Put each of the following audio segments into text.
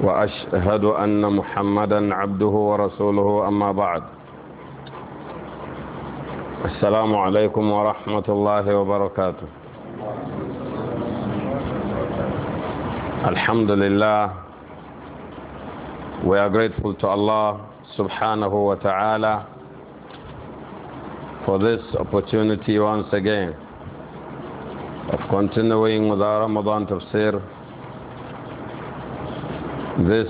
واشهد ان محمدا عبده ورسوله اما بعد السلام عليكم ورحمه الله وبركاته الحمد لله we are grateful to Allah subhanahu wa ta'ala for this opportunity once again of continuing with our Ramadan tafsir this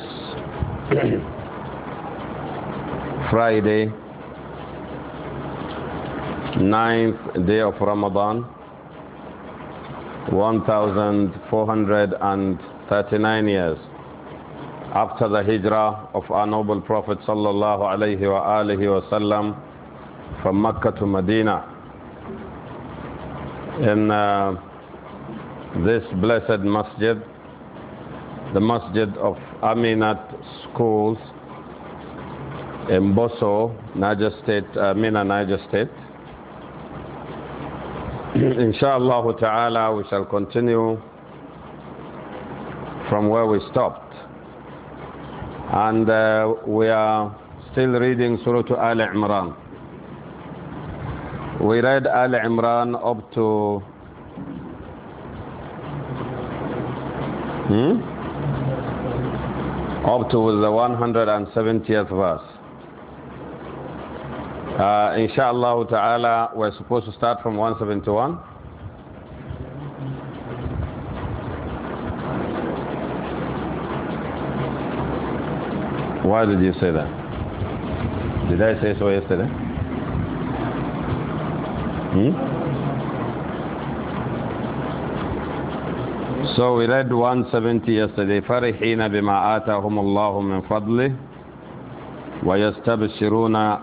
Friday, 9th day of Ramadan, 1439 years after the hijrah of our noble Prophet sallallahu alaihi wasallam from Mecca to Medina. In uh, this blessed masjid, the masjid of Aminat Schools in Boso, Niger State, uh, Mina, Niger State. Inshallah ta'ala, we shall continue from where we stopped. And uh, we are still reading Surah Al Imran. We read Al Imran up to. Hmm? up to the 170th verse. Uh, inshallah ta'ala, we're supposed to start from 171. Why did you say that? Did I say so yesterday? Hmm? So we read 170 yesterday. فرحين بما آتاهم الله من فضله ويستبشرون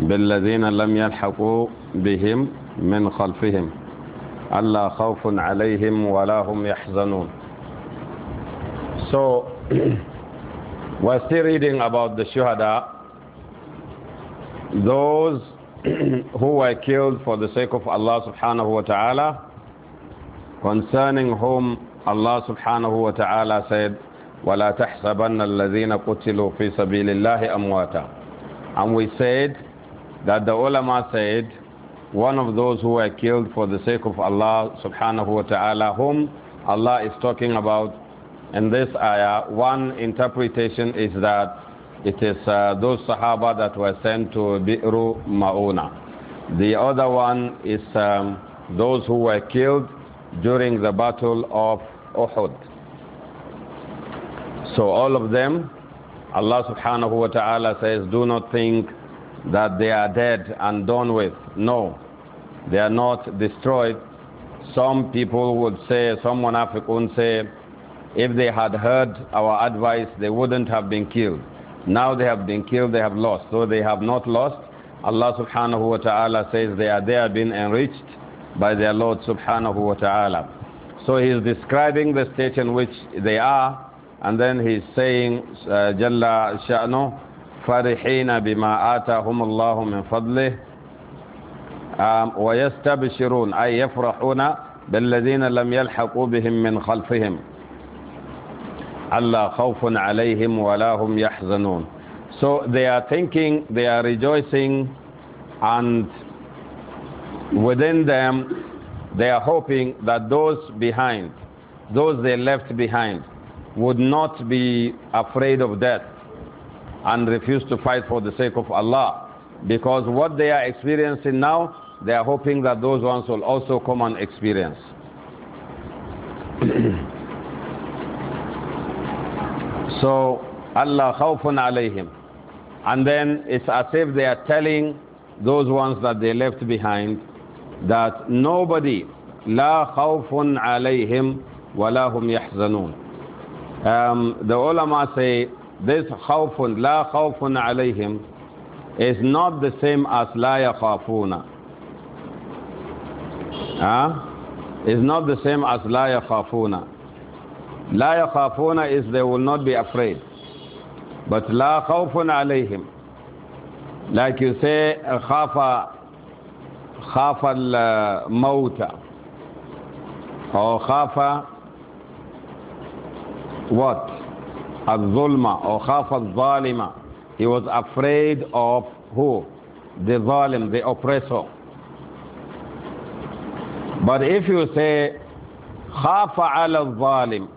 بالذين لم يلحقوا بهم من خلفهم ألا خوف عليهم ولا هم يحزنون. So we're still reading about the shuhada, those who were killed for the sake of Allah subhanahu wa ta'ala concerning whom Allah subhanahu wa ta'ala said, وَلَا تَحْسَبَنَّ الَّذِينَ قُتِلُوا فِي سَبِيلِ اللَّهِ أَمْوَاتًا And we said that the ulama said, one of those who were killed for the sake of Allah subhanahu wa ta'ala, whom Allah is talking about in this ayah, one interpretation is that it is uh, those Sahaba that were sent to Bi'ru Ma'una. The other one is um, those who were killed during the battle of Uhud. So all of them, Allah subhanahu wa ta'ala says, do not think that they are dead and done with. No, they are not destroyed. Some people would say, some munafiqun say, if they had heard our advice, they wouldn't have been killed. Now they have been killed, they have lost. So they have not lost. Allah subhanahu wa ta'ala says they are there being enriched by their Lord subhanahu wa ta'ala. So he's describing the state in which they are, and then he's saying, uh, Jalla sha'nu, فرحين بما آتاهم الله من فضله ويستبشرون أي يفرحون بالذين لم يلحقوا بهم من خلفهم ألا خوف عليهم ولا هم يحزنون So they are thinking, they are rejoicing and within them, they are hoping that those behind, those they left behind, would not be afraid of death and refuse to fight for the sake of Allah. Because what they are experiencing now, they are hoping that those ones will also come and experience. so, Allah khawfun alayhim. And then it's as if they are telling those ones that they left behind that nobody لا خوف عليهم ولا هم يحزنون um, the ulama say this خوف لا خوف عليهم is not the same as لا يخافون huh? is not the same as لا يخافون لا يخافون is they will not be afraid but لا خوف عليهم like you say خاف خاف الموت or خاف what الظلم or خاف الظالم he was afraid of who the zalim the oppressor but if you say خاف على الظالم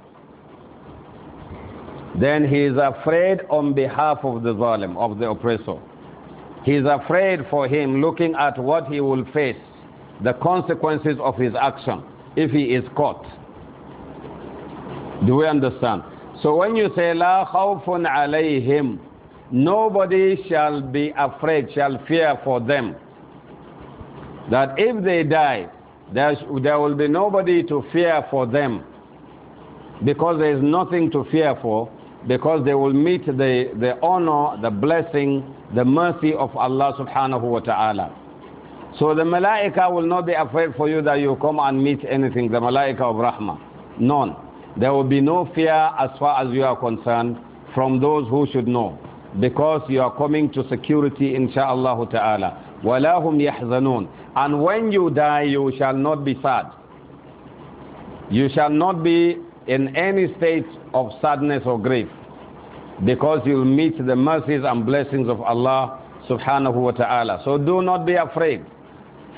then he is afraid on behalf of the zalim of the oppressor he is afraid for him looking at what he will face, the consequences of his action, if he is caught. Do we understand? So when you say, La khawfun alayhim, nobody shall be afraid, shall fear for them. That if they die, there, there will be nobody to fear for them. Because there is nothing to fear for, because they will meet the, the honor, the blessing the mercy of Allah subhanahu wa ta'ala. So the malaika will not be afraid for you that you come and meet anything, the malaika of rahmah. None. There will be no fear as far as you are concerned from those who should know. Because you are coming to security, insha'Allah ta'ala. وَلَهُمْ يَحْزَنُونَ And when you die, you shall not be sad. You shall not be in any state of sadness or grief because you'll meet the mercies and blessings of Allah subhanahu wa ta'ala. So do not be afraid.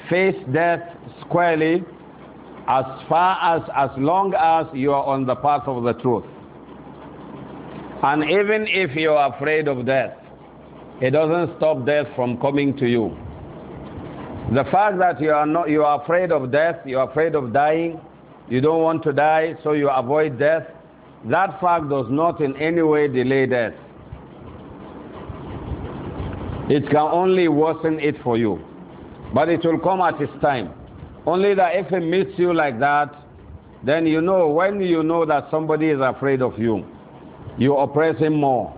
Face death squarely as far as, as long as you are on the path of the truth. And even if you are afraid of death, it doesn't stop death from coming to you. The fact that you are, not, you are afraid of death, you are afraid of dying, you don't want to die, so you avoid death, that fact does not in any way delay death. It can only worsen it for you. But it will come at its time. Only that if it meets you like that, then you know, when you know that somebody is afraid of you, you oppress him more.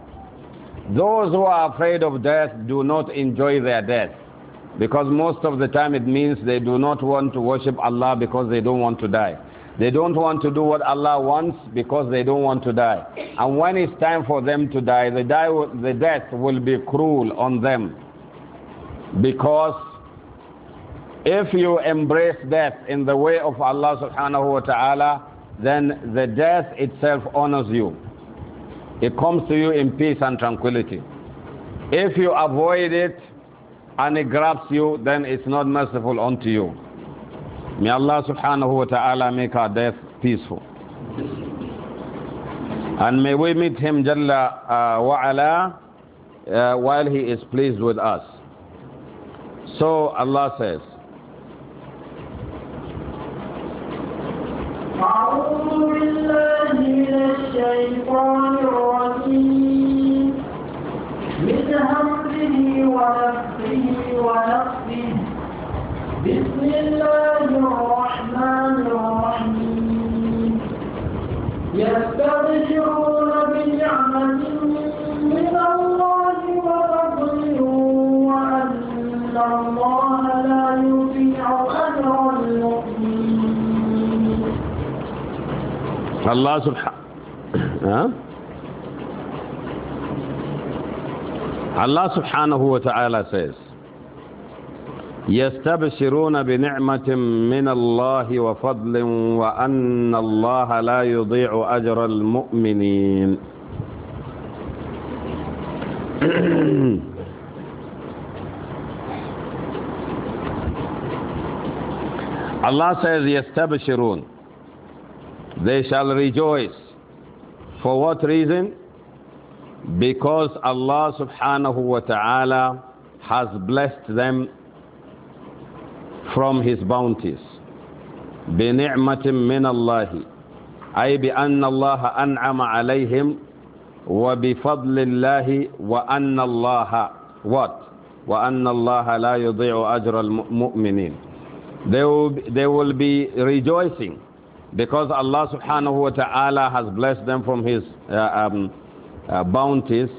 Those who are afraid of death do not enjoy their death. Because most of the time it means they do not want to worship Allah because they don't want to die. They don't want to do what Allah wants because they don't want to die. And when it's time for them to die, the, die, the death will be cruel on them. Because if you embrace death in the way of Allah subhanahu wa ta'ala, then the death itself honors you. It comes to you in peace and tranquility. If you avoid it and it grabs you, then it's not merciful unto you. May Allah subhanahu wa ta'ala make our death peaceful. And may we meet him Jalla uh, wa uh, while he is pleased with us. So Allah says, أعوذ بالله من الشيطان الرجيم من همزه ونفسه ونفسه بسم الله الرحمن الرحيم يستبشرون من الله وأن الله لا أجر المؤمنين الله سبحانه الله سبحانه وتعالى says يستبشرون بنعمة من الله وفضل وأن الله لا يضيع أجر المؤمنين Allah says يستبشرون they shall rejoice for what reason because Allah subhanahu wa ta'ala has blessed them from his bounties بنعمة من الله أي بأن الله أنعم عليهم وبفضل الله وأن الله what وأن الله لا يضيع أجر المؤمنين they will, be, they will be rejoicing because Allah subhanahu wa ta'ala has blessed them from his uh, um, uh, bounties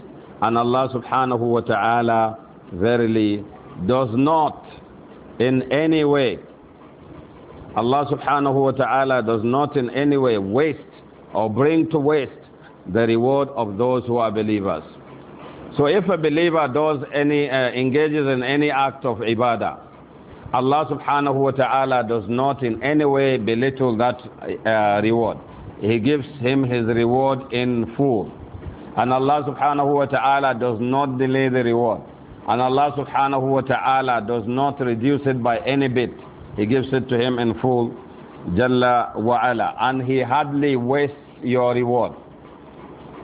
and Allah subhanahu wa ta'ala verily does not in any way. Allah subhanahu wa ta'ala does not in any way waste or bring to waste the reward of those who are believers. So if a believer does any, uh, engages in any act of ibadah, Allah subhanahu wa ta'ala does not in any way belittle that uh, reward. He gives him his reward in full. And Allah subhanahu wa ta'ala does not delay the reward. And Allah subhanahu wa ta'ala does not reduce it by any bit. He gives it to him in full. Jalla wa And he hardly wastes your reward.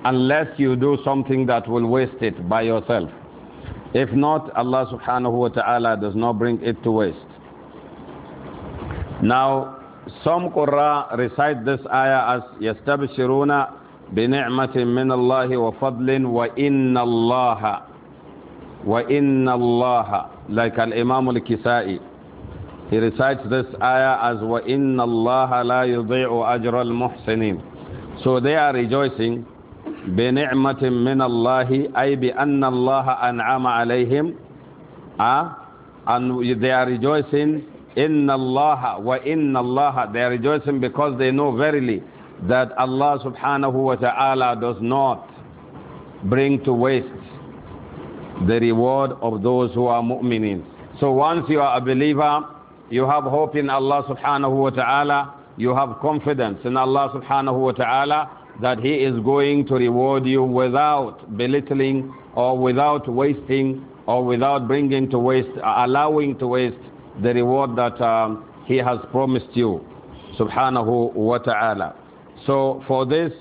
Unless you do something that will waste it by yourself. If not, Allah subhanahu wa ta'ala does not bring it to waste. Now, some Qurra recite this ayah as يَسْتَبْشِرُونَ بِنِعْمَةٍ مِّنَ اللَّهِ وَفَضْلٍ وَإِنَّ اللَّهَ وإن الله like الإمام الكسائي he recites this ayah as وإن الله لا يضيع أجر المحسنين so they are rejoicing بنعمة من الله أي بأن الله أنعم عليهم uh, and they are rejoicing إن الله وإن الله they are rejoicing because they know verily that Allah subhanahu wa ta'ala does not bring to waste the reward of those who are mu'minin. So once you are a believer, you have hope in Allah subhanahu wa ta'ala, you have confidence in Allah subhanahu wa ta'ala that He is going to reward you without belittling or without wasting or without bringing to waste, allowing to waste the reward that um, He has promised you, subhanahu wa ta'ala. So for this,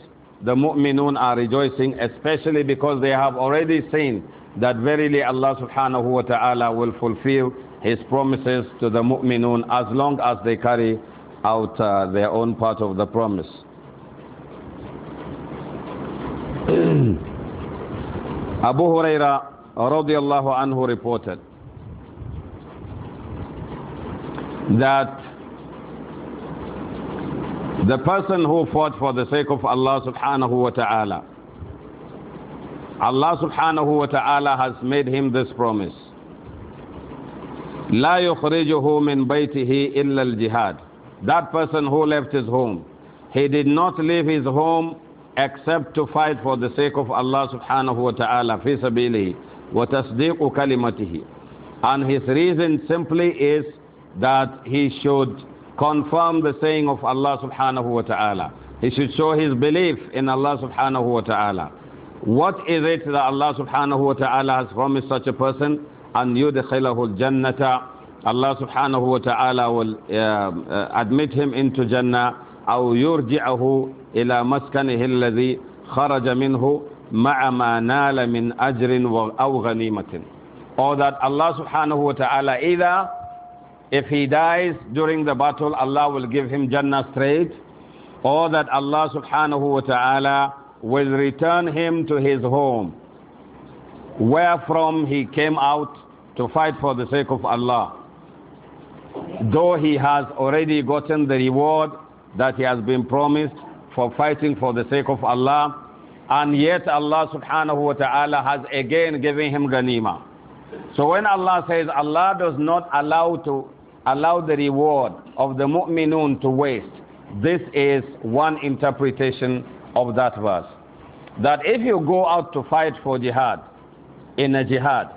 the mu'minun are rejoicing, especially because they have already seen that verily Allah subhanahu wa ta'ala will fulfill his promises to the mu'minun as long as they carry out uh, their own part of the promise. Abu Huraira radiallahu anhu reported that the person who fought for the sake of Allah subhanahu wa ta'ala Allah subhanahu wa ta'ala has made him this promise. لا يخرجه من بيته إلا الجهاد. That person who left his home, he did not leave his home except to fight for the sake of Allah subhanahu wa ta'ala, في سبيله, وتصديق كلمته. And his reason simply is that he should confirm the saying of Allah subhanahu wa ta'ala. He should show his belief in Allah subhanahu wa ta'ala. What is it that Allah subhanahu wa ta'ala has promised such a person? And yudkhilahu jannata. Allah subhanahu wa ta'ala will uh, uh, admit him into Jannah. أو ila إلى مسكنه الذي خرج منه مع ما min من wa أو غنيمة. Or that Allah subhanahu wa ta'ala either if he dies during the battle Allah will give him Jannah straight or that Allah subhanahu wa ta'ala will return him to his home, wherefrom he came out to fight for the sake of Allah. Though he has already gotten the reward that he has been promised for fighting for the sake of Allah, and yet Allah subhanahu wa ta'ala has again given him ghanima. So when Allah says Allah does not allow to allow the reward of the mu'minun to waste, this is one interpretation of that verse. That if you go out to fight for jihad, in a jihad,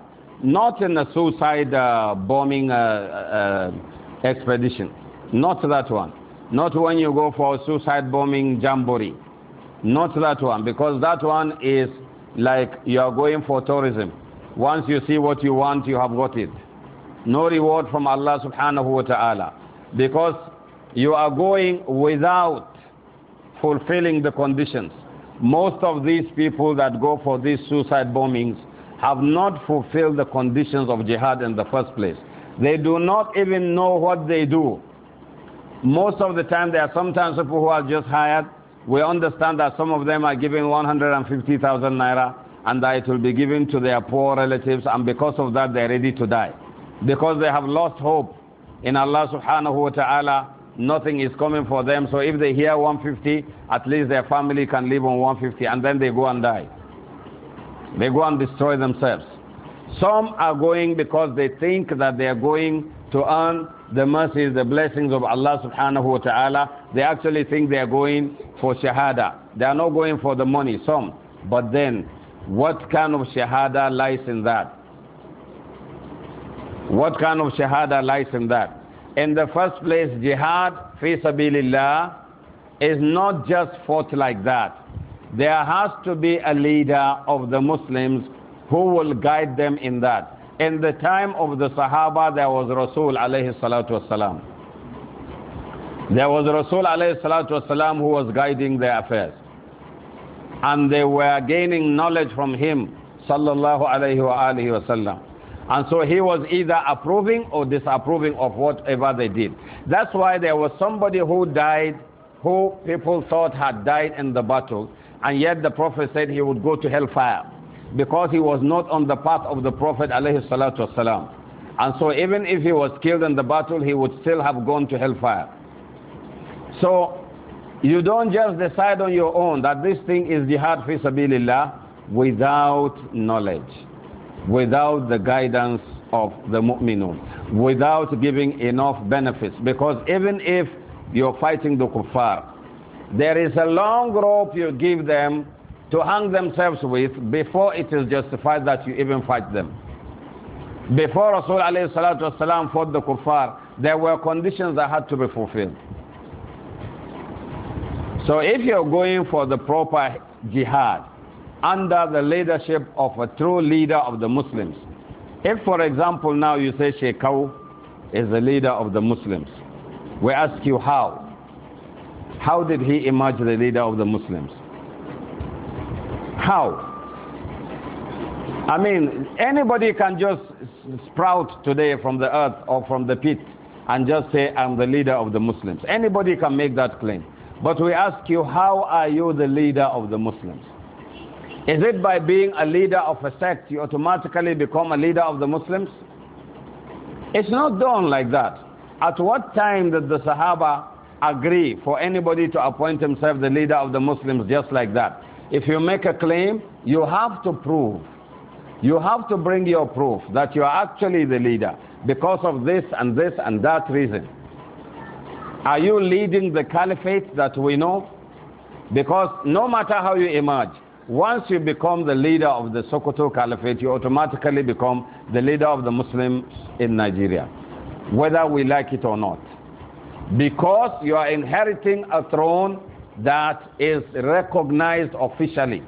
not in a suicide uh, bombing uh, uh, expedition, not that one. Not when you go for suicide bombing jamboree, not that one, because that one is like you are going for tourism. Once you see what you want, you have got it. No reward from Allah subhanahu wa ta'ala. Because you are going without fulfilling the conditions. Most of these people that go for these suicide bombings have not fulfilled the conditions of jihad in the first place. They do not even know what they do. Most of the time, there are sometimes people who are just hired. We understand that some of them are given 150,000 naira and that it will be given to their poor relatives, and because of that, they're ready to die. Because they have lost hope in Allah subhanahu wa ta'ala nothing is coming for them. So if they hear 150, at least their family can live on 150 and then they go and die. They go and destroy themselves. Some are going because they think that they are going to earn the mercies, the blessings of Allah subhanahu wa ta'ala. They actually think they are going for shahada. They are not going for the money, some. But then, what kind of shahada lies in that? What kind of shahada lies in that? In the first place, jihad fi sabilillah is not just fought like that. There has to be a leader of the Muslims who will guide them in that. In the time of the Sahaba, there was Rasul alayhi salatu wasalam. There was Rasul alayhi salatu wasalam who was guiding their affairs. And they were gaining knowledge from him sallallahu alayhi wa alihi wasallam. And so he was either approving or disapproving of whatever they did. That's why there was somebody who died, who people thought had died in the battle, and yet the Prophet said he would go to hellfire because he was not on the path of the Prophet And so even if he was killed in the battle, he would still have gone to hellfire. So you don't just decide on your own that this thing is jihad fi sabilillah without knowledge without the guidance of the mu'minun, without giving enough benefits. Because even if you're fighting the kuffar, there is a long rope you give them to hang themselves with before it is justified that you even fight them. Before Rasul والسلام, fought the kuffar, there were conditions that had to be fulfilled. So if you're going for the proper jihad, under the leadership of a true leader of the Muslims. If, for example, now you say Shekau is the leader of the Muslims, we ask you how. How did he emerge the leader of the Muslims? How? I mean, anybody can just sprout today from the earth or from the pit and just say, I'm the leader of the Muslims. Anybody can make that claim. But we ask you, how are you the leader of the Muslims? Is it by being a leader of a sect you automatically become a leader of the Muslims? It's not done like that. At what time did the Sahaba agree for anybody to appoint himself the leader of the Muslims just like that? If you make a claim, you have to prove. You have to bring your proof that you are actually the leader because of this and this and that reason. Are you leading the caliphate that we know? Because no matter how you emerge, once you become the leader of the Sokoto Caliphate, you automatically become the leader of the Muslims in Nigeria, whether we like it or not. Because you are inheriting a throne that is recognized officially.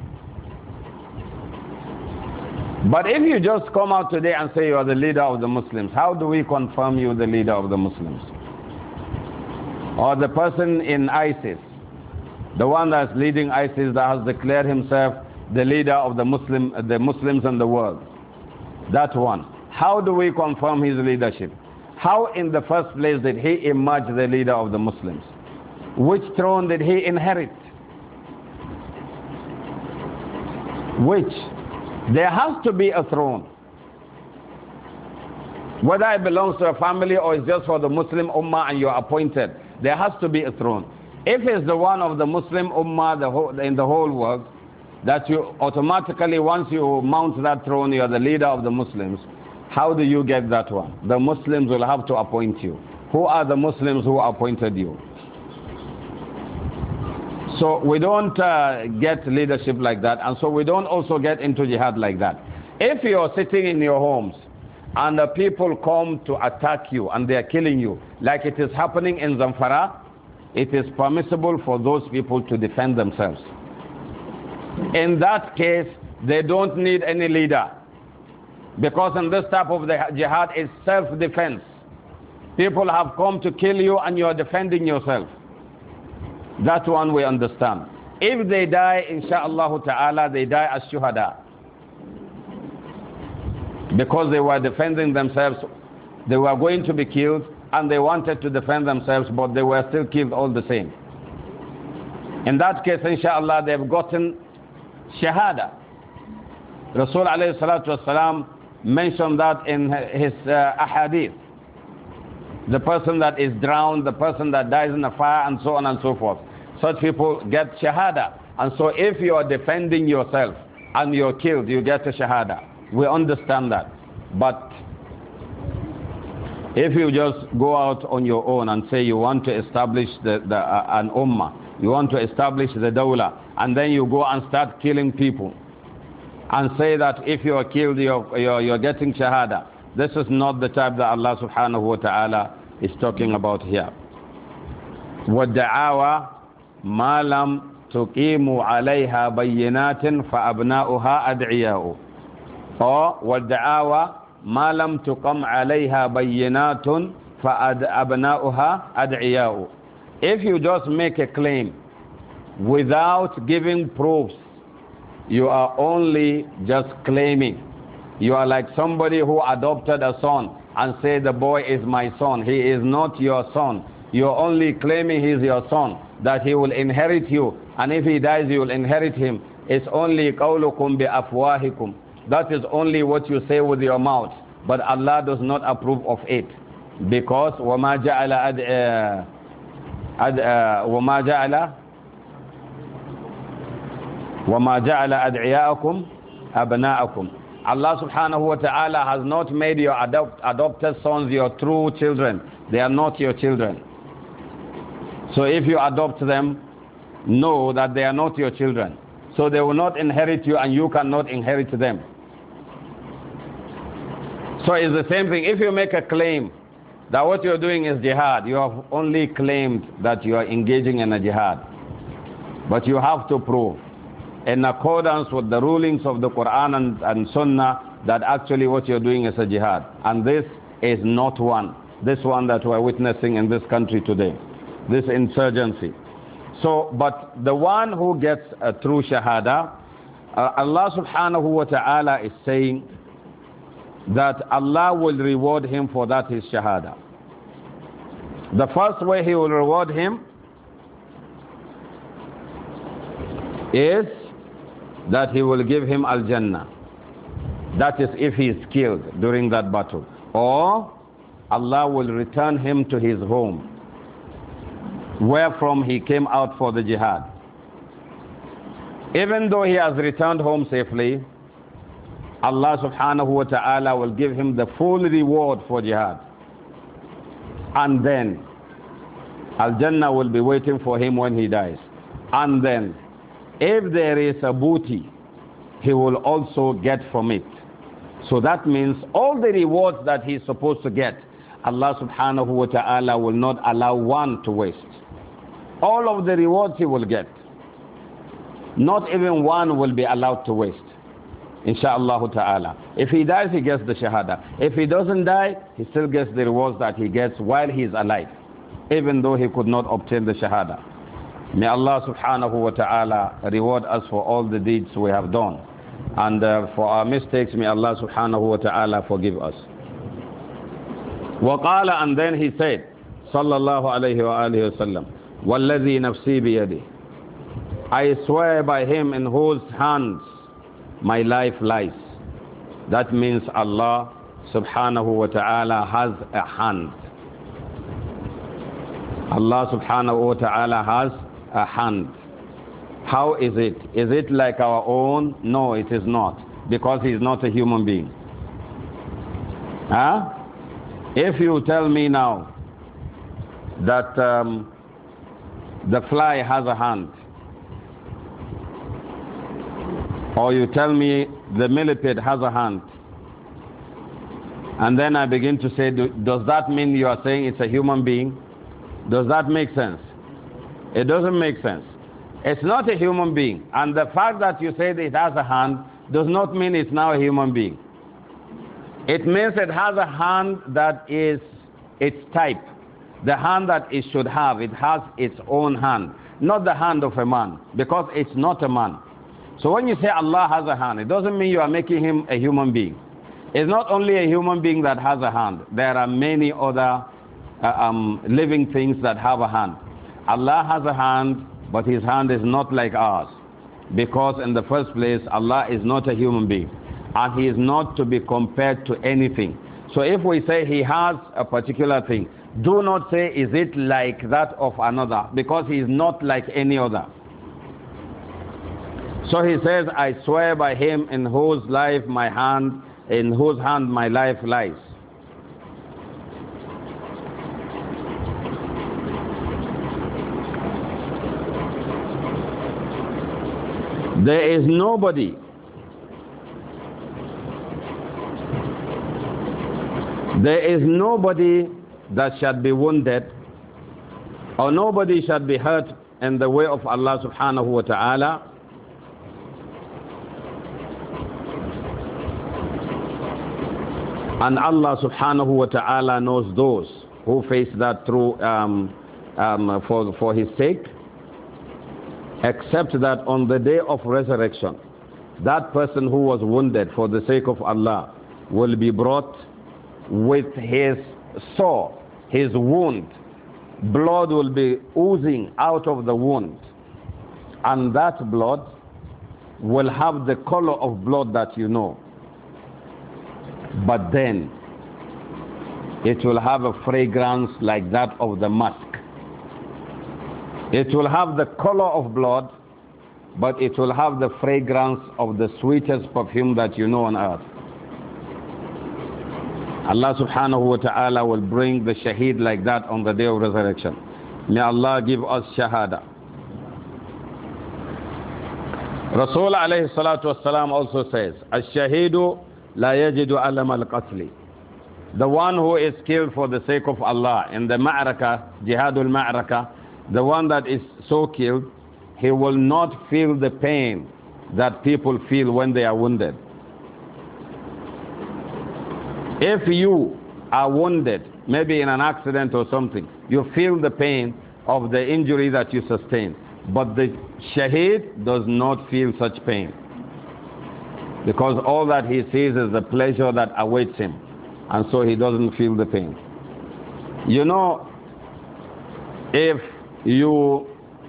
But if you just come out today and say you are the leader of the Muslims, how do we confirm you the leader of the Muslims? Or the person in ISIS the one that is leading ISIS that has declared himself the leader of the, Muslim, the Muslims in the world. That one. How do we confirm his leadership? How in the first place did he emerge the leader of the Muslims? Which throne did he inherit? Which? There has to be a throne. Whether it belongs to a family or it's just for the Muslim Ummah and you're appointed, there has to be a throne. If it's the one of the Muslim Ummah the whole, in the whole world, that you automatically, once you mount that throne, you are the leader of the Muslims, how do you get that one? The Muslims will have to appoint you. Who are the Muslims who appointed you? So we don't uh, get leadership like that, and so we don't also get into jihad like that. If you're sitting in your homes and the people come to attack you and they are killing you, like it is happening in Zamfara, it is permissible for those people to defend themselves. In that case, they don't need any leader. Because in this type of the jihad is self-defense. People have come to kill you and you are defending yourself. That one we understand. If they die, insha'Allah ta'ala, they die as shuhada. Because they were defending themselves, they were going to be killed, and they wanted to defend themselves, but they were still killed all the same. In that case, inshallah, they've gotten shahada. Rasul alayhi salatu wasalam mentioned that in his uh, ahadith. The person that is drowned, the person that dies in the fire, and so on and so forth. Such people get shahada. And so if you are defending yourself and you're killed, you get a shahada. We understand that. But if you just go out on your own and say you want to establish the, the, uh, an ummah, you want to establish the dawla, and then you go and start killing people, and say that if you are killed, you're, you're, you're getting shahada, this is not the type that Allah subhanahu wa ta'ala is talking about here. وَالدَّعَاوَى مَا لَمْ تُقِيمُ عَلَيْهَا بَيِّنَاتٍ فَأَبْنَاؤُهَا أَدْعِيَاءُ Or, hour? ما لم تقم عليها بينات فأبناؤها أدعياء If you just make a claim without giving proofs, you are only just claiming. You are like somebody who adopted a son and said, the boy is my son. He is not your son. You are only claiming he is your son, that he will inherit you. And if he dies, you will inherit him. It's only قَوْلُكُمْ بِأَفْوَاهِكُمْ that is only what you say with your mouth. But Allah does not approve of it. Because وَمَا جَعَلَ وَمَا جَعَلَ وَمَا جَعَلَ أَدْعِيَاءَكُمْ أَبْنَاءَكُمْ Allah subhanahu wa ta'ala has not made your adopt, adopted sons your true children. They are not your children. So if you adopt them, know that they are not your children. So they will not inherit you and you cannot inherit them. So it's the same thing. If you make a claim that what you're doing is jihad, you have only claimed that you are engaging in a jihad. But you have to prove, in accordance with the rulings of the Quran and, and Sunnah, that actually what you're doing is a jihad. And this is not one. This one that we're witnessing in this country today. This insurgency. So, but the one who gets a true shahada, uh, Allah subhanahu wa ta'ala is saying, that Allah will reward him for that his shahada. The first way he will reward him is that he will give him Al Jannah. That is if he is killed during that battle. Or Allah will return him to his home, where from he came out for the jihad. Even though he has returned home safely, Allah subhanahu wa ta'ala will give him the full reward for jihad. And then, Al Jannah will be waiting for him when he dies. And then, if there is a booty, he will also get from it. So that means all the rewards that he's supposed to get, Allah subhanahu wa ta'ala will not allow one to waste. All of the rewards he will get, not even one will be allowed to waste. Insha'Allah ta'ala. If he dies, he gets the shahada. If he doesn't die, he still gets the rewards that he gets while he is alive, even though he could not obtain the shahada. May Allah subhanahu wa ta'ala reward us for all the deeds we have done. And uh, for our mistakes, may Allah subhanahu wa ta'ala forgive us. وقال and then he said صلى الله عليه وآله وسلم والذي نفسي بيده I swear by him in whose hands my life lies. That means Allah subhanahu wa ta'ala has a hand. Allah subhanahu wa ta'ala has a hand. How is it? Is it like our own? No, it is not. Because he is not a human being. Huh? If you tell me now that um, the fly has a hand, or you tell me the millipede has a hand, and then I begin to say, does that mean you are saying it's a human being? Does that make sense? It doesn't make sense. It's not a human being. And the fact that you said it has a hand does not mean it's now a human being. It means it has a hand that is its type, the hand that it should have. It has its own hand, not the hand of a man, because it's not a man. So when you say Allah has a hand, it doesn't mean you are making him a human being. It's not only a human being that has a hand. There are many other uh, um, living things that have a hand. Allah has a hand, but his hand is not like ours. Because in the first place, Allah is not a human being. And he is not to be compared to anything. So if we say he has a particular thing, do not say is it like that of another, because he is not like any other. So he says, I swear by him in whose life my hand, in whose hand my life lies. There is nobody There is nobody that shall be wounded or nobody shall be hurt in the way of Allah subhanahu wa ta'ala And Allah subhanahu wa ta'ala knows those who face that through um, um, for, for his sake, except that on the day of resurrection, that person who was wounded for the sake of Allah will be brought with his sore, his wound. Blood will be oozing out of the wound. And that blood will have the color of blood that you know but then it will have a fragrance like that of the musk. It will have the color of blood, but it will have the fragrance of the sweetest perfume that you know on earth. Allah subhanahu wa ta'ala will bring the shaheed like that on the day of resurrection. May Allah give us shahada. Rasul alayhi salatu wasalam also says, Ash-shaheedu لا يجد ألم القتل the one who is killed for the sake of Allah in the ma'raka, jihadul ma'raka, the one that is so killed, he will not feel the pain that people feel when they are wounded. If you are wounded, maybe in an accident or something, you feel the pain of the injury that you sustained. But the shaheed does not feel such pain. Because all that he sees is the pleasure that awaits him. And so he doesn't feel the pain. You know, if you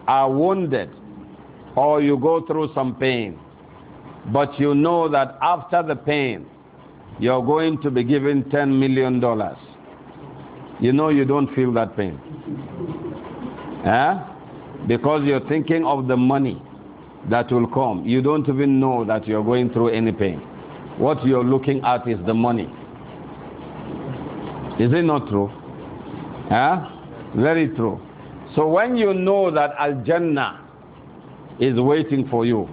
are wounded or you go through some pain, but you know that after the pain, you're going to be given $10 million. You know you don't feel that pain. Eh? Because you're thinking of the money that will come. You don't even know that you're going through any pain. What you're looking at is the money. Is it not true? Huh? Very true. So when you know that Al Jannah is waiting for you,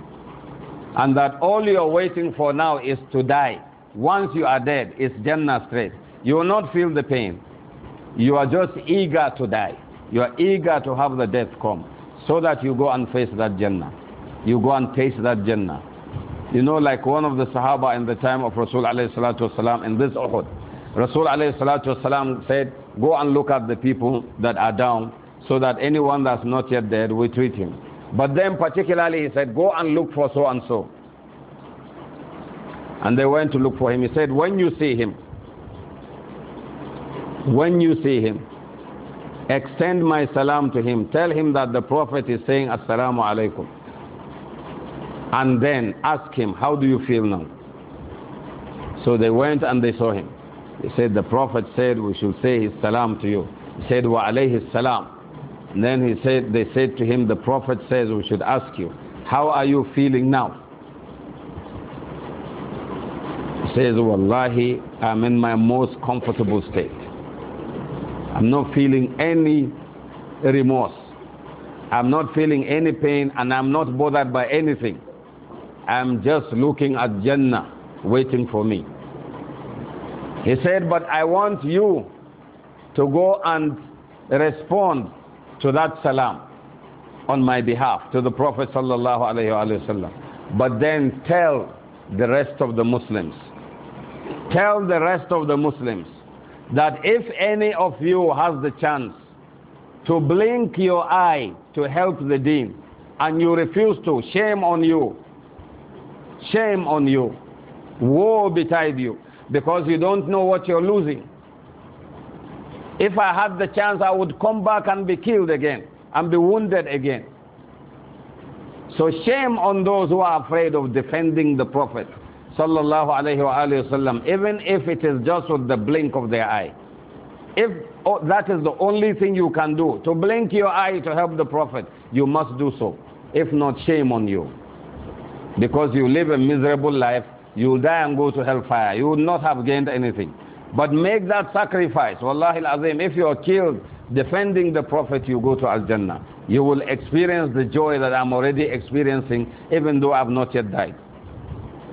and that all you're waiting for now is to die, once you are dead, it's Jannah straight. You will not feel the pain. You are just eager to die. You are eager to have the death come so that you go and face that Jannah you go and taste that Jannah. You know, like one of the Sahaba in the time of Rasul alayhi salatu wasalam in this Uhud. Rasul alayhi salatu wasalam said, go and look at the people that are down so that anyone that's not yet dead, we treat him. But then particularly he said, go and look for so and so. And they went to look for him. He said, when you see him, when you see him, extend my salam to him. Tell him that the Prophet is saying, Assalamu alaikum and then ask him, How do you feel now? So they went and they saw him. They said, The Prophet said, We should say his salam to you. He said, Wa alayhi salam. And then he said, they said to him, The Prophet says, We should ask you, How are you feeling now? He says, Wallahi, I'm in my most comfortable state. I'm not feeling any remorse. I'm not feeling any pain, and I'm not bothered by anything. I'm just looking at Jannah waiting for me. He said, But I want you to go and respond to that salam on my behalf to the Prophet sallallahu alaihi wasallam. But then tell the rest of the Muslims, tell the rest of the Muslims that if any of you has the chance to blink your eye to help the Deen and you refuse to, shame on you. Shame on you. Woe betide you. Because you don't know what you're losing. If I had the chance, I would come back and be killed again and be wounded again. So shame on those who are afraid of defending the Prophet sallallahu alayhi wa even if it is just with the blink of their eye. If oh, that is the only thing you can do, to blink your eye to help the Prophet, you must do so. If not, shame on you. Because you live a miserable life, you die and go to hellfire. You would not have gained anything. But make that sacrifice. Wallahi al-azim, if you are killed defending the Prophet, you go to Al-Jannah. You will experience the joy that I'm already experiencing, even though I've not yet died.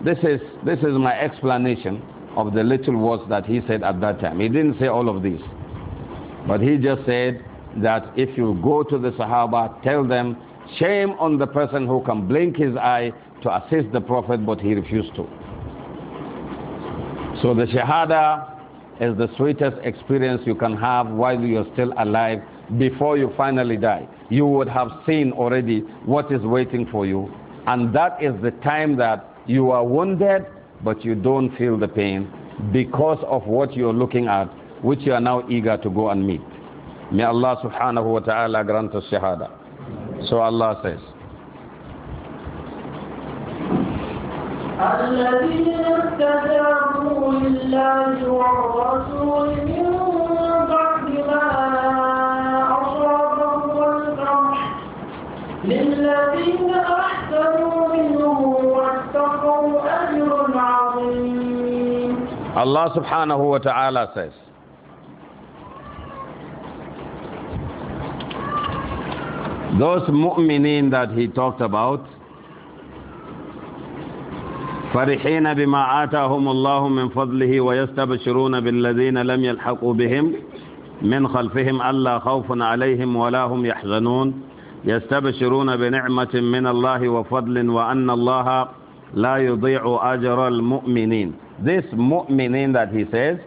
This is, this is my explanation of the little words that he said at that time. He didn't say all of these. But he just said that if you go to the Sahaba, tell them Shame on the person who can blink his eye to assist the Prophet, but he refused to. So the Shahada is the sweetest experience you can have while you're still alive before you finally die. You would have seen already what is waiting for you. And that is the time that you are wounded, but you don't feel the pain because of what you're looking at, which you are now eager to go and meet. May Allah subhanahu wa ta'ala grant us shahada. So Allah says. الذين استجابوا لله والرسول من بعد ما أصابهم القمح للذين أحسنوا منه واتقوا أجر عظيم. الله سبحانه وتعالى ta'ala says. Those mu'minin that he talked about, فرحين بما آتاهم الله من فضله ويستبشرون بالذين لم يلحقوا بهم من خلفهم ألا خوف عليهم ولا هم يحزنون يستبشرون بنعمة من الله وفضل وأن الله لا يضيع أجر المؤمنين This mu'minin that he says,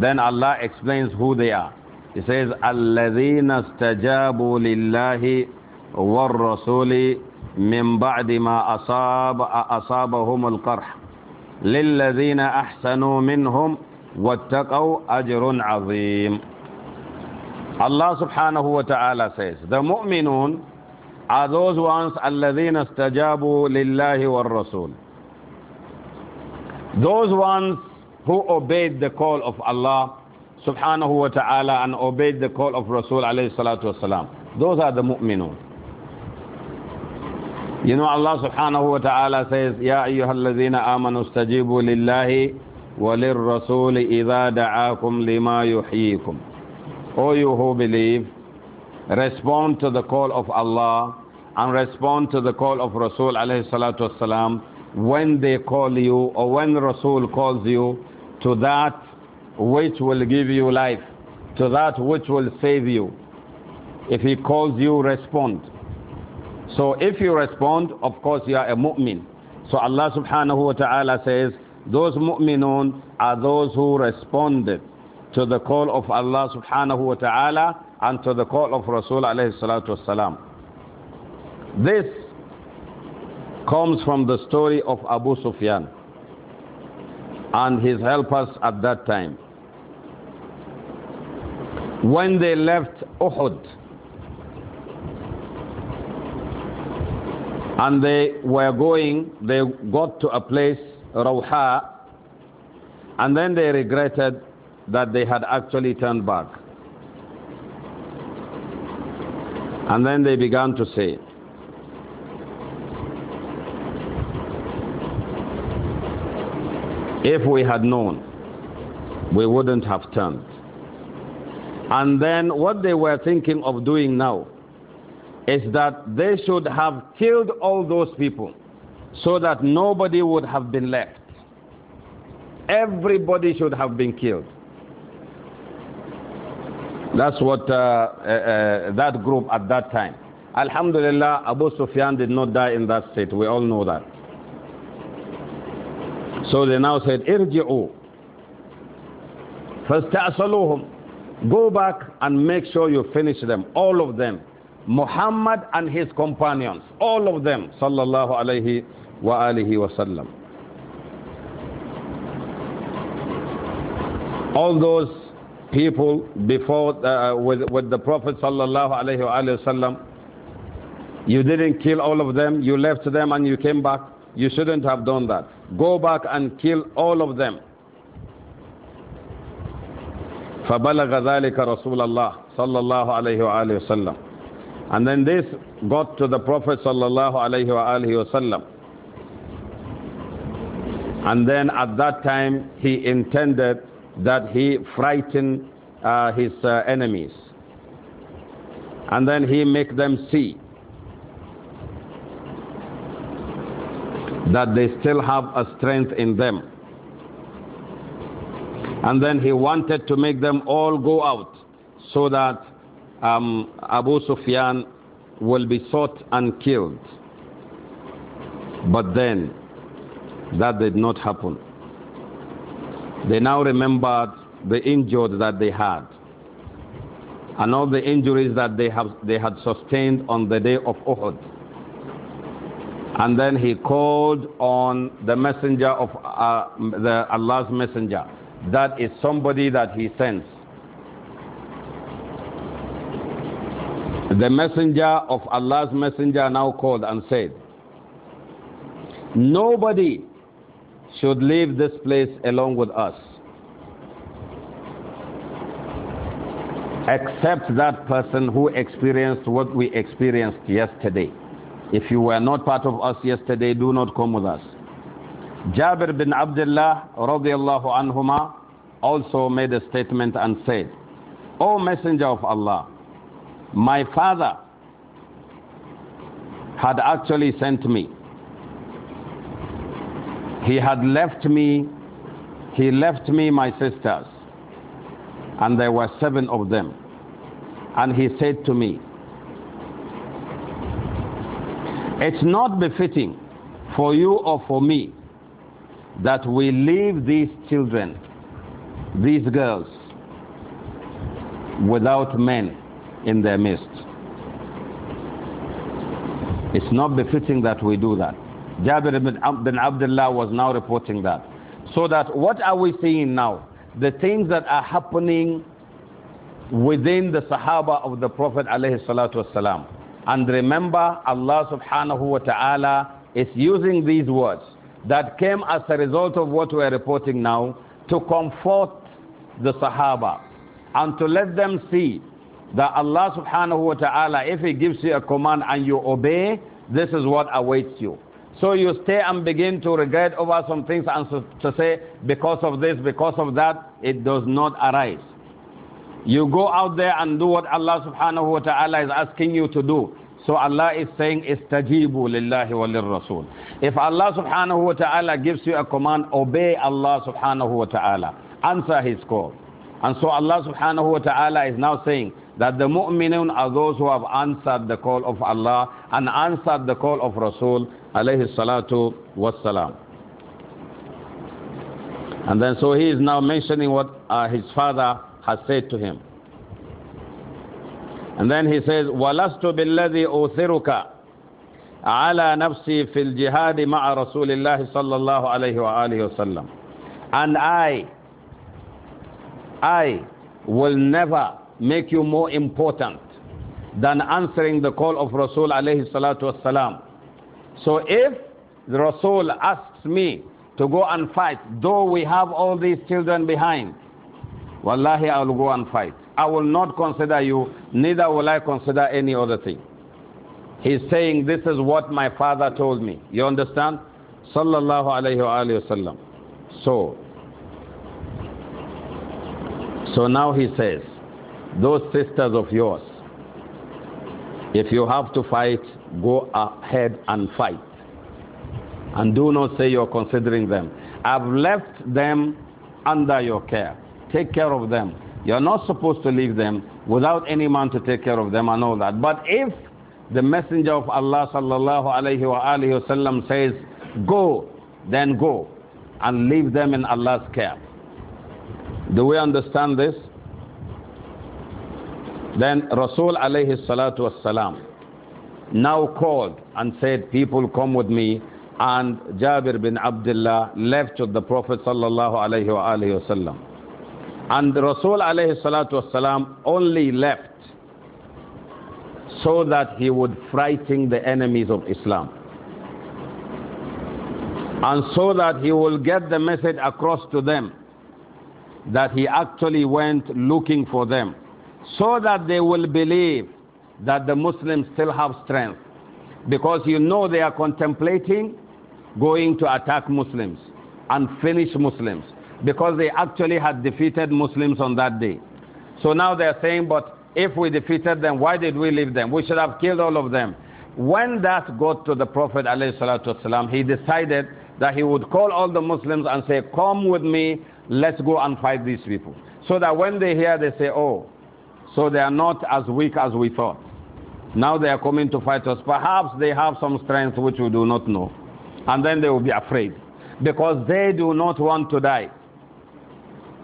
then Allah explains who they are. He says, الَّذِينَ اسْتَجَابُوا لِلَّهِ وَالرَّسُولِ مِنْ بَعْدِ مَا أَصَابَ أَصَابَهُمُ الْقَرْحُ لِلَّذِينَ أَحْسَنُوا مِنْهُمْ وَاتَّقَوْا أَجْرٌ عَظِيمٌ Allah subhanahu wa ta'ala says, the mu'minun are those ones الَّذِينَ اسْتَجَابُوا لِلَّهِ وَالرَّسُولِ Those ones who obeyed the call of Allah subhanahu wa ta'ala and obeyed the call of Rasul alayhi salatu wasalam. Those are the mu'minun. You know Allah subhanahu wa ta'ala says, Ya ayyuhalladhina amanu stajibu lillahi walirrasuli idha da'akum lima yuhyikum. O you who believe, respond to the call of Allah and respond to the call of Rasul alayhi salatu wasalam when they call you or when Rasul calls you to that which will give you life, to that which will save you. If he calls you, respond. So if you respond, of course you are a mu'min. So Allah subhanahu wa ta'ala says, those mu'minun are those who responded to the call of Allah subhanahu wa ta'ala and to the call of Rasul alayhi salatu wasalam. This comes from the story of Abu Sufyan and his helpers at that time when they left Uhud. And they were going, they got to a place, Rawha, and then they regretted that they had actually turned back. And then they began to say, If we had known, we wouldn't have turned. And then what they were thinking of doing now is that they should have killed all those people so that nobody would have been left. Everybody should have been killed. That's what uh, uh, uh, that group at that time. Alhamdulillah, Abu Sufyan did not die in that state. We all know that. So they now said, Irji'u. فَاسْتَأْصَلُوهُمْ Go back and make sure you finish them, all of them. Muhammad and his companions, all of them, sallallahu alayhi wa alihi wasallam. All those people before uh, with, with the Prophet sallallahu alayhi wa sallam, you didn't kill all of them, you left them and you came back. You shouldn't have done that. Go back and kill all of them. فَبَلَغَ ذَلِكَ رَسُولَ اللَّهِ صَلَّى اللَّهُ عَلَيْهِ وَآلِهِ And then this got to the Prophet صلى الله عليه وآله And then at that time he intended that he frighten uh, his uh, enemies. And then he make them see that they still have a strength in them. And then he wanted to make them all go out so that um, Abu Sufyan will be sought and killed. But then that did not happen. They now remembered the injured that they had and all the injuries that they, have, they had sustained on the day of Uhud. And then he called on the messenger of uh, the, Allah's messenger that is somebody that he sends. The messenger of Allah's messenger now called and said, Nobody should leave this place along with us. Except that person who experienced what we experienced yesterday. If you were not part of us yesterday, do not come with us. Jabir bin Abdullah radiallahu anhuma also made a statement and said, O Messenger of Allah, my father had actually sent me. He had left me, he left me my sisters, and there were seven of them. And he said to me, It's not befitting for you or for me that we leave these children, these girls, without men in their midst. It's not befitting that we do that. Jabir ibn Abdullah was now reporting that. So that what are we seeing now? The things that are happening within the Sahaba of the Prophet alayhi And remember, Allah subhanahu wa ta'ala is using these words that came as a result of what we're reporting now to comfort the Sahaba and to let them see that Allah subhanahu wa ta'ala, if He gives you a command and you obey, this is what awaits you. So you stay and begin to regret over some things and to say, because of this, because of that, it does not arise. You go out there and do what Allah subhanahu wa ta'ala is asking you to do. So Allah is saying, Istajibu lillahi wa rasul. If Allah subhanahu wa ta'ala gives you a command, obey Allah subhanahu wa ta'ala. Answer his call. And so Allah subhanahu wa ta'ala is now saying that the mu'minun are those who have answered the call of Allah and answered the call of Rasul alayhi salatu wassalam. And then so he is now mentioning what uh, his father has said to him. And then he says, وَلَسْتُ بِالَّذِي أُوثِرُكَ عَلَى نَفْسِي فِي الْجِهَادِ مَعَ رَسُولِ اللَّهِ صَلَّى اللَّهُ عَلَيْهِ وَآلِهِ وَسَلَّمَ And I, I will never make you more important than answering the call of Rasul alayhi salatu wasalam. So if the Rasul asks me to go and fight, though we have all these children behind, wallahi I will go and fight. I will not consider you, neither will I consider any other thing. He's saying, This is what my father told me. You understand? Sallallahu alayhi wasallam. So, so now he says, Those sisters of yours, if you have to fight, go ahead and fight. And do not say you're considering them. I've left them under your care. Take care of them. You're not supposed to leave them without any man to take care of them and all that. But if the Messenger of Allah sallallahu alayhi wa alayhi wasallam says, go, then go and leave them in Allah's care. Do we understand this? Then Rasul alayhi salatu wasalam now called and said, people come with me and Jabir bin Abdullah left with the Prophet sallallahu alayhi wa alayhi wasallam. And Rasul alayhi salatu wasalam only left so that he would frighten the enemies of Islam. And so that he will get the message across to them that he actually went looking for them. So that they will believe that the Muslims still have strength. Because you know they are contemplating going to attack Muslims and finish Muslims because they actually had defeated Muslims on that day. So now they're saying, but if we defeated them, why did we leave them? We should have killed all of them. When that got to the Prophet ﷺ, he decided that he would call all the Muslims and say, come with me, let's go and fight these people. So that when they hear, they say, oh, so they are not as weak as we thought. Now they are coming to fight us. Perhaps they have some strength which we do not know. And then they will be afraid. Because they do not want to die.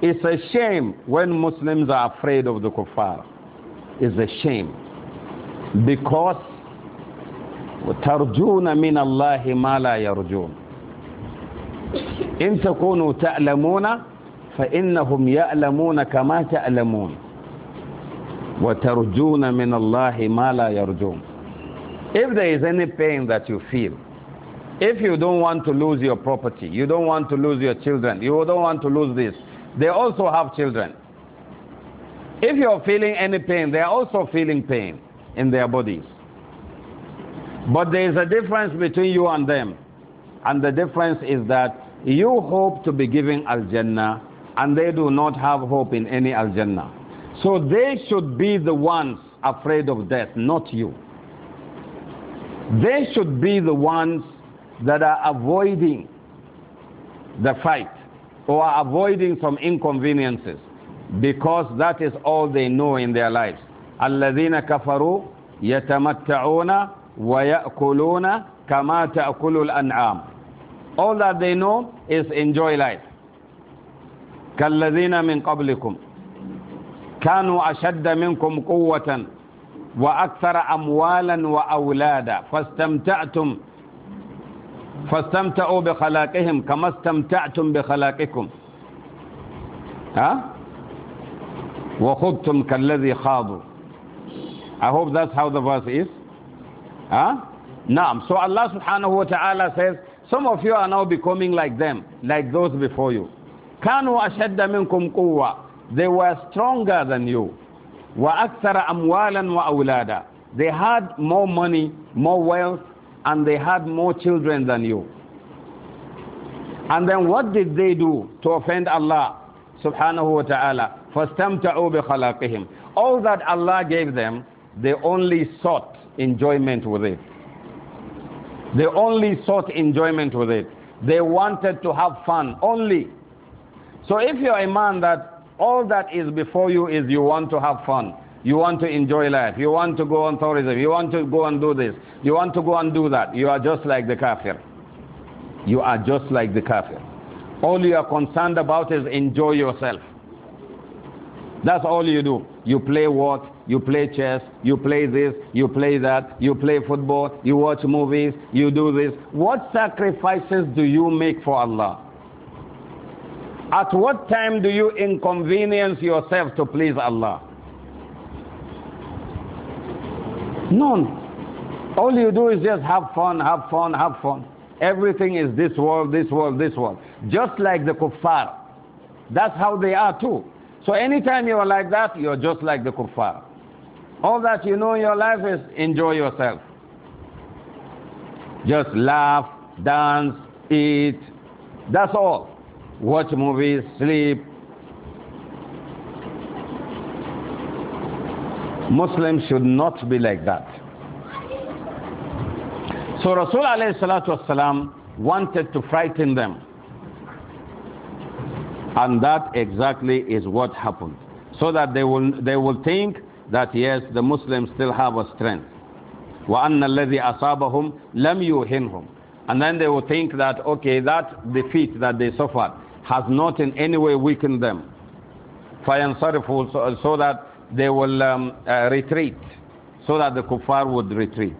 It's a shame when Muslims are afraid of the kuffar. It's a shame. Because If there is any pain that you feel, if you don't want to lose your property, you don't want to lose your children, you don't want to lose this, they also have children. If you're feeling any pain, they are also feeling pain in their bodies. But there is a difference between you and them. And the difference is that you hope to be given Al Jannah, and they do not have hope in any Al Jannah. So they should be the ones afraid of death, not you. They should be the ones that are avoiding the fight who are avoiding some inconveniences because that is all they know in their lives. الذين كفروا يتمتعون ويأكلون كما تأكل الأنعام. All that they know is enjoy life. كالذين من قبلكم كانوا أشد منكم قوة وأكثر أموالا وأولادا فاستمتعتم فاستمتعوا بخلاقهم كما استمتعتم بخلاقكم ها وخذتم كالذي خاضوا I hope that's how the verse is ها نعم So Allah subhanahu wa ta'ala says, some of you are now becoming like them, like those before you. كانوا أشد منكم قوة They were stronger than you. وأكثر أموالا وأولادا They had more money, more wealth, and they had more children than you. And then what did they do to offend Allah subhanahu wa ta'ala? All that Allah gave them, they only sought enjoyment with it. They only sought enjoyment with it. They wanted to have fun only. So if you're a man that all that is before you is you want to have fun, you want to enjoy life. You want to go on tourism. You want to go and do this. You want to go and do that. You are just like the kafir. You are just like the kafir. All you are concerned about is enjoy yourself. That's all you do. You play what? You play chess, you play this, you play that, you play football, you watch movies, you do this. What sacrifices do you make for Allah? At what time do you inconvenience yourself to please Allah? None. All you do is just have fun, have fun, have fun. Everything is this world, this world, this world. Just like the kuffar. That's how they are too. So anytime you are like that, you're just like the kuffar. All that you know in your life is enjoy yourself. Just laugh, dance, eat. That's all. Watch movies, sleep, Muslims should not be like that. So Rasul والسلام, wanted to frighten them. And that exactly is what happened. So that they will, they will think that yes, the Muslims still have a strength. وَأَنَّ الَّذِي أَصَابَهُمْ لَمْ يُهِنْهُمْ And then they will think that, okay, that defeat that they suffered has not in any way weakened them. فَيَنْصَرِفُوا So that they will um, uh, retreat so that the kuffar would retreat.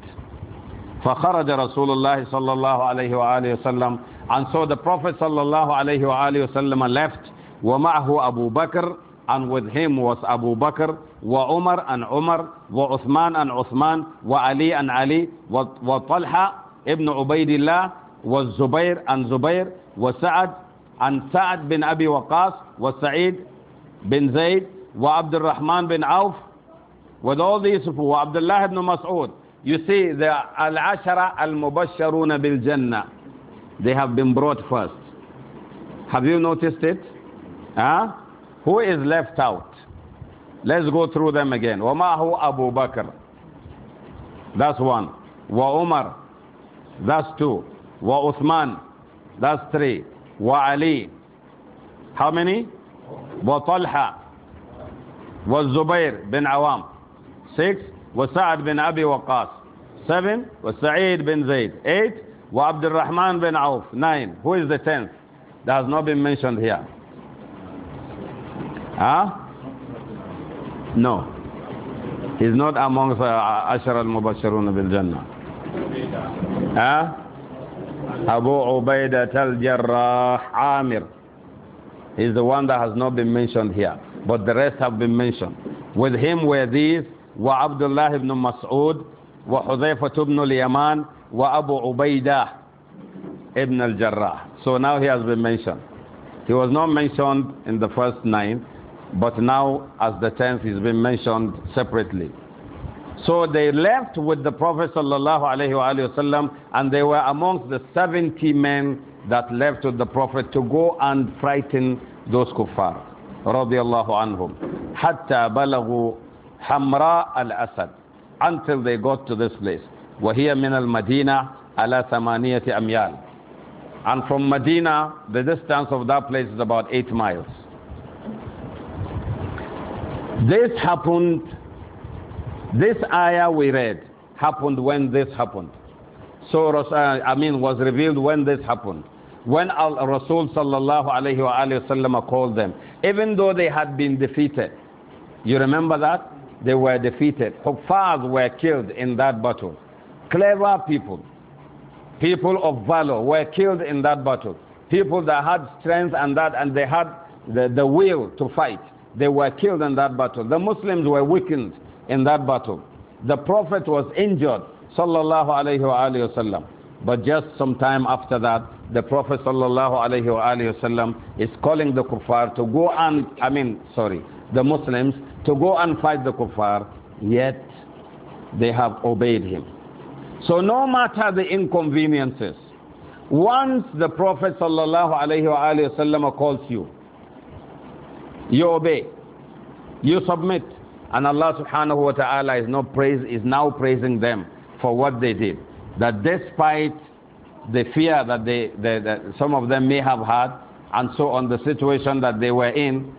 فخرج رسول الله صلى الله عليه وآله وسلم and so the Prophet صلى الله عليه وآله وسلم left ومعه أبو بكر and with him was أبو بكر وعمر and عمر وعثمان and عثمان وعلي and علي وطلحة ابن عبيد الله والزبير and زبير وسعد and سعد بن أبي وقاص وسعيد بن زيد wa Abdul Rahman bin Auf, with all these wa Abdullah ibn Mas'ud. You see, the al ashra Al-Mubasharuna Bil-Jannah, they have been brought first. Have you noticed it? Huh? Who is left out? Let's go through them again. Wa Mahu Abu Bakr. That's one. Wa Umar. That's two. Wa Uthman. That's three. Wa Ali. How many? Wa Talha. والزبير بن عوام 6 وسعد بن أبي وقاص 7 وسعيد بن زيد 8 وعبد الرحمن بن عوف 9 Who is the 10th? That has not been mentioned here. Huh? No. He's not amongst عشر المبشرون بالجنة. Huh? أبو عبيدة الجراح عامر He's the one that has not been mentioned here. but the rest have been mentioned. With him were these وعبد الله بن مسعود وحذيفة بن اليمان وأبو عبيدة ibn al-Jarrah. So now he has been mentioned. He was not mentioned in the first nine, but now as the tenth he's been mentioned separately. So they left with the Prophet sallallahu alaihi wasallam, and they were amongst the 70 men that left with the Prophet to go and frighten those kuffar. رضي الله عنهم حتى بلغوا حمراء الأسد until they got to this place وهي من المدينة على ثمانية أميال and from Medina the distance of that place is about 8 miles this happened this ayah we read happened when this happened so uh, I mean was revealed when this happened when Rasul sallallahu alayhi called them, even though they had been defeated, you remember that? They were defeated. Huffaz were killed in that battle. Clever people, people of valor were killed in that battle. People that had strength and that, and they had the, the will to fight, they were killed in that battle. The Muslims were weakened in that battle. The Prophet was injured, sallallahu alayhi but just some time after that, the Prophet ﷺ is calling the kuffar to go and, I mean, sorry, the Muslims to go and fight the kuffar, yet they have obeyed him. So no matter the inconveniences, once the Prophet ﷺ calls you, you obey, you submit, and Allah subhanahu wa ta'ala is, no praise, is now praising them for what they did that despite the fear that, they, that some of them may have had, and so on, the situation that they were in,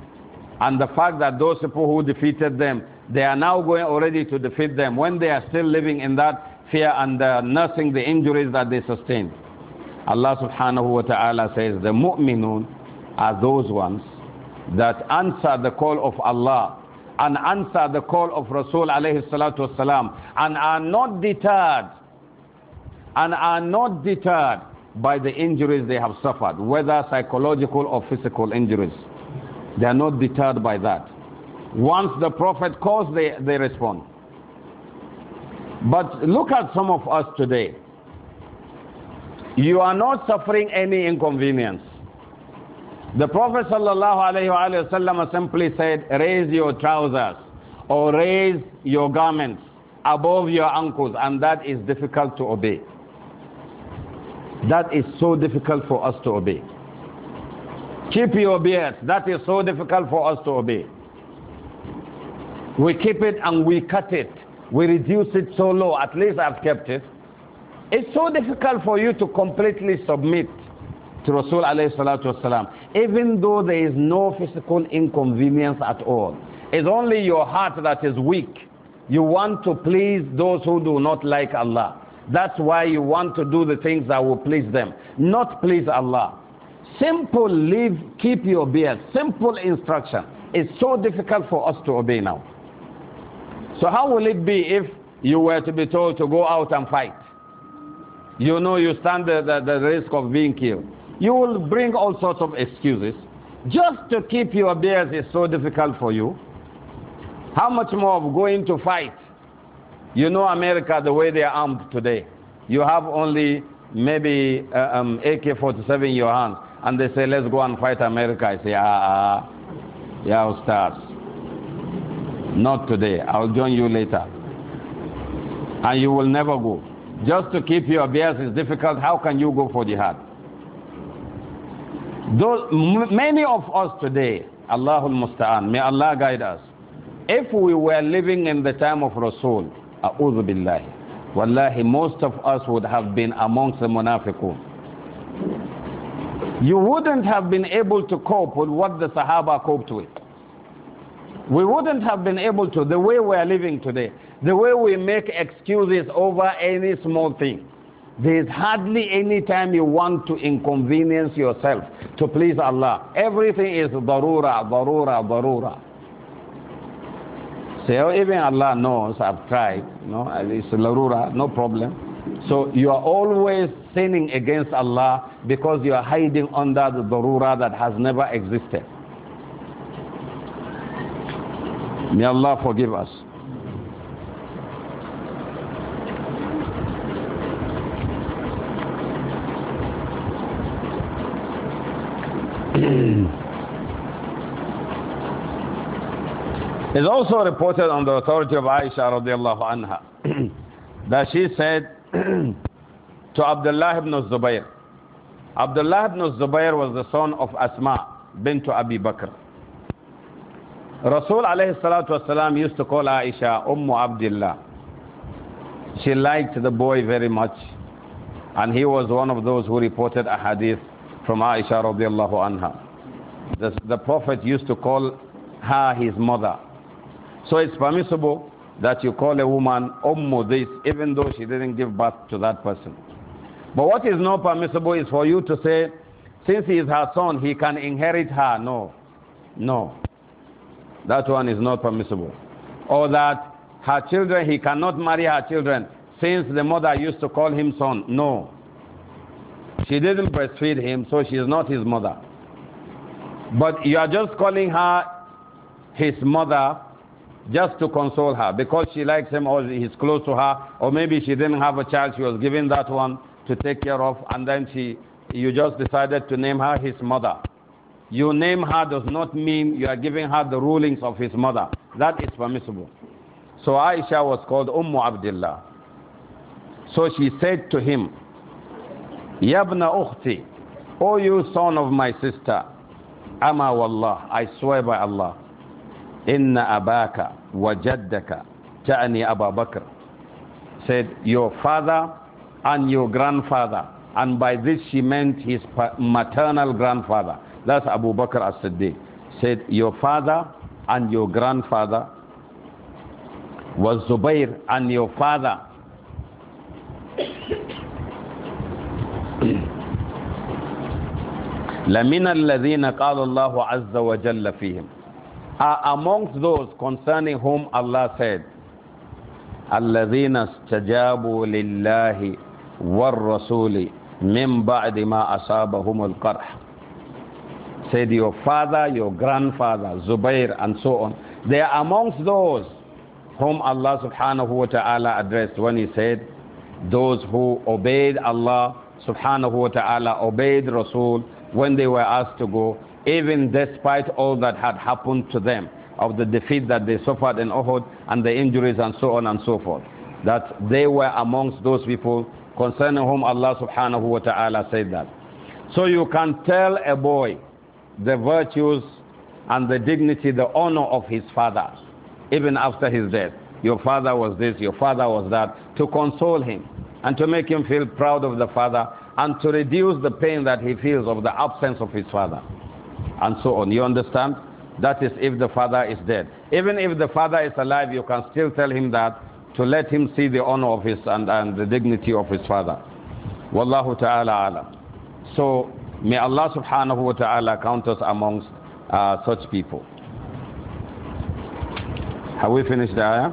and the fact that those people who defeated them, they are now going already to defeat them when they are still living in that fear and uh, nursing the injuries that they sustained. Allah subhanahu wa ta'ala says, The mu'minun are those ones that answer the call of Allah and answer the call of Rasul alayhi salatu wasalam and are not deterred and are not deterred by the injuries they have suffered, whether psychological or physical injuries. They are not deterred by that. Once the Prophet calls, they, they respond. But look at some of us today. You are not suffering any inconvenience. The Prophet ﷺ simply said, Raise your trousers or raise your garments above your ankles, and that is difficult to obey. That is so difficult for us to obey. Keep your beard. That is so difficult for us to obey. We keep it and we cut it. We reduce it so low. At least I've kept it. It's so difficult for you to completely submit to Rasul alayhi salatu wasalam, even though there is no physical inconvenience at all. It's only your heart that is weak. You want to please those who do not like Allah. That's why you want to do the things that will please them, not please Allah. Simple live, keep your beard. Simple instruction. It's so difficult for us to obey now. So how will it be if you were to be told to go out and fight? You know you stand the, the, the risk of being killed. You will bring all sorts of excuses. Just to keep your beard. is so difficult for you. How much more of going to fight? You know America, the way they are armed today. You have only maybe uh, um, AK-47 in your hand, and they say, let's go and fight America. I say, ah, ah, ah. yeah, stars. Not today. I'll join you later. And you will never go. Just to keep your beers is difficult. How can you go for jihad? Those, many of us today, Allahul Musta'an, may Allah guide us. If we were living in the time of Rasul, A'udhu billahi. Wallahi, most of us would have been amongst the munafiqun. You wouldn't have been able to cope with what the Sahaba coped with. We wouldn't have been able to, the way we are living today, the way we make excuses over any small thing. There is hardly any time you want to inconvenience yourself to please Allah. Everything is darura, darura, darura. So even Allah knows I've tried. No, it's larura, no problem. So you are always sinning against Allah because you are hiding under the darura that has never existed. May Allah forgive us. It's also reported on the authority of Aisha radiallahu anha that she said to Abdullah ibn Zubayr. Abdullah ibn Zubayr was the son of Asma bint Abi Bakr. Rasul alayhi salatu wasalam used to call Aisha Ummu Abdullah. She liked the boy very much and he was one of those who reported a hadith from Aisha radiallahu anha. The, the Prophet used to call her his mother so it's permissible that you call a woman ummu this, even though she didn't give birth to that person. But what is not permissible is for you to say, since he is her son, he can inherit her. No. No. That one is not permissible. Or that her children, he cannot marry her children since the mother used to call him son. No. She didn't breastfeed him, so she is not his mother. But you are just calling her his mother just to console her because she likes him or he's close to her, or maybe she didn't have a child, she was given that one to take care of, and then she, you just decided to name her his mother. You name her does not mean you are giving her the rulings of his mother. That is permissible. So Aisha was called Ummu Abdullah. So she said to him, Yabna ukhti, O you son of my sister, Ama wallah, I swear by Allah. إن أباك وجدك تعني أبا بكر said your father and your grandfather and by this she meant his maternal grandfather that's Abu Bakr as-Siddiq said your father and your grandfather was Zubair and your father لمن الذين قال الله عز وجل فيهم are amongst those concerning whom Allah said, الذين استجابوا لله والرسول من بعد ما أصابهم القرح said your father, your grandfather, Zubair and so on. They are amongst those whom Allah subhanahu wa ta'ala addressed when he said, those who obeyed Allah subhanahu wa ta'ala, obeyed Rasul when they were asked to go, even despite all that had happened to them of the defeat that they suffered in Uhud and the injuries and so on and so forth. That they were amongst those people concerning whom Allah subhanahu wa ta'ala said that. So you can tell a boy the virtues and the dignity, the honor of his father, even after his death. Your father was this, your father was that, to console him and to make him feel proud of the father and to reduce the pain that he feels of the absence of his father and so on. You understand? That is if the father is dead. Even if the father is alive, you can still tell him that to let him see the honor of his and, and the dignity of his father. Wallahu ta'ala ala. So may Allah subhanahu wa ta'ala count us amongst uh, such people. Have we finished the ayah?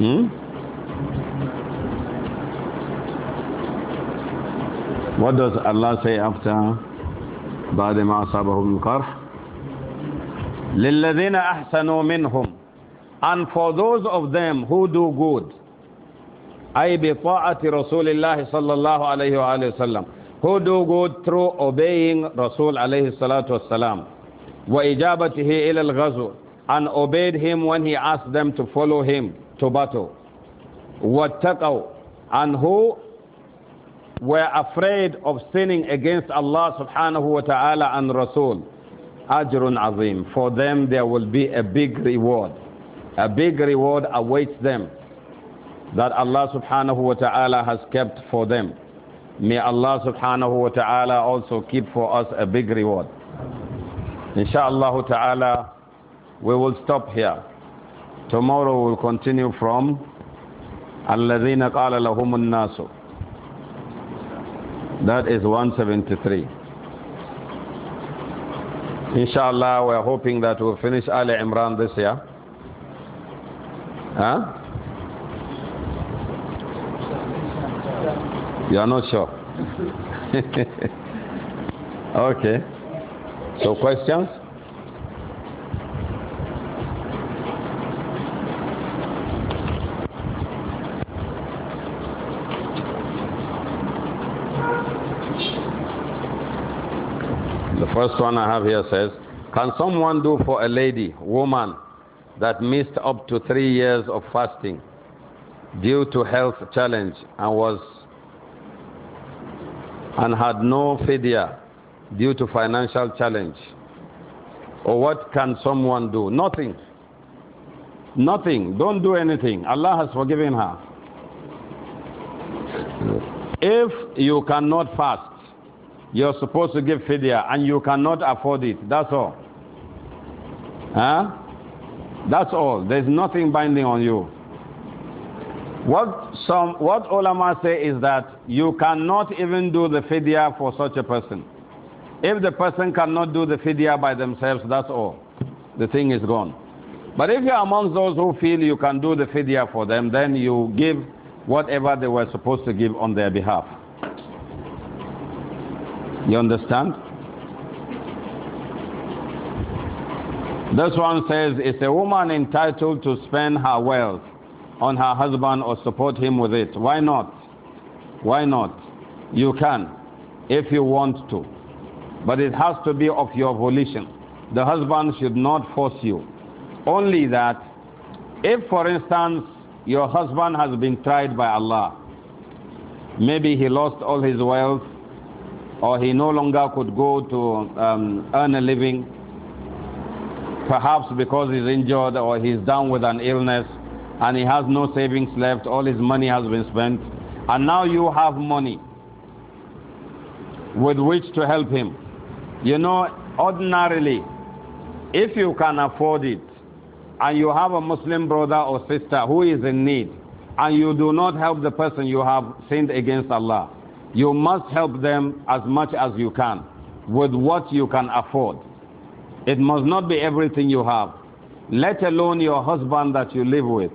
Hmm? What does Allah say after? بعد ما أصابه من قرح للذين أحسنوا منهم and for those of them who do good أي بطاعة رسول الله صلى الله عليه وآله وسلم who do good through obeying رسول عليه الصلاة والسلام وإجابته إلى الغزو and obeyed him when he asked them to follow him to battle واتقوا and who were afraid of sinning against Allah subhanahu wa ta'ala and Rasul. Ajrun azim. For them there will be a big reward. A big reward awaits them that Allah subhanahu wa ta'ala has kept for them. May Allah subhanahu wa ta'ala also keep for us a big reward. Insha'Allah ta'ala, we will stop here. Tomorrow we'll continue from الذين قال لهم الناس that is 173. Inshallah, we're hoping that we'll finish Ali Imran this year. Huh? You are not sure. okay. So questions? first one I have here says, Can someone do for a lady, woman, that missed up to three years of fasting due to health challenge and was and had no fidya due to financial challenge? Or what can someone do? Nothing. Nothing. Don't do anything. Allah has forgiven her. If you cannot fast, you're supposed to give fidya and you cannot afford it. That's all. Huh? That's all. There's nothing binding on you. What some what ulama say is that you cannot even do the fidya for such a person. If the person cannot do the fidya by themselves, that's all. The thing is gone. But if you're amongst those who feel you can do the fidya for them, then you give whatever they were supposed to give on their behalf. You understand? This one says, Is a woman entitled to spend her wealth on her husband or support him with it? Why not? Why not? You can, if you want to. But it has to be of your volition. The husband should not force you. Only that, if, for instance, your husband has been tried by Allah, maybe he lost all his wealth or he no longer could go to um, earn a living, perhaps because he's injured or he's down with an illness and he has no savings left, all his money has been spent, and now you have money with which to help him. You know, ordinarily, if you can afford it, and you have a Muslim brother or sister who is in need, and you do not help the person, you have sinned against Allah. You must help them as much as you can with what you can afford. It must not be everything you have, let alone your husband that you live with.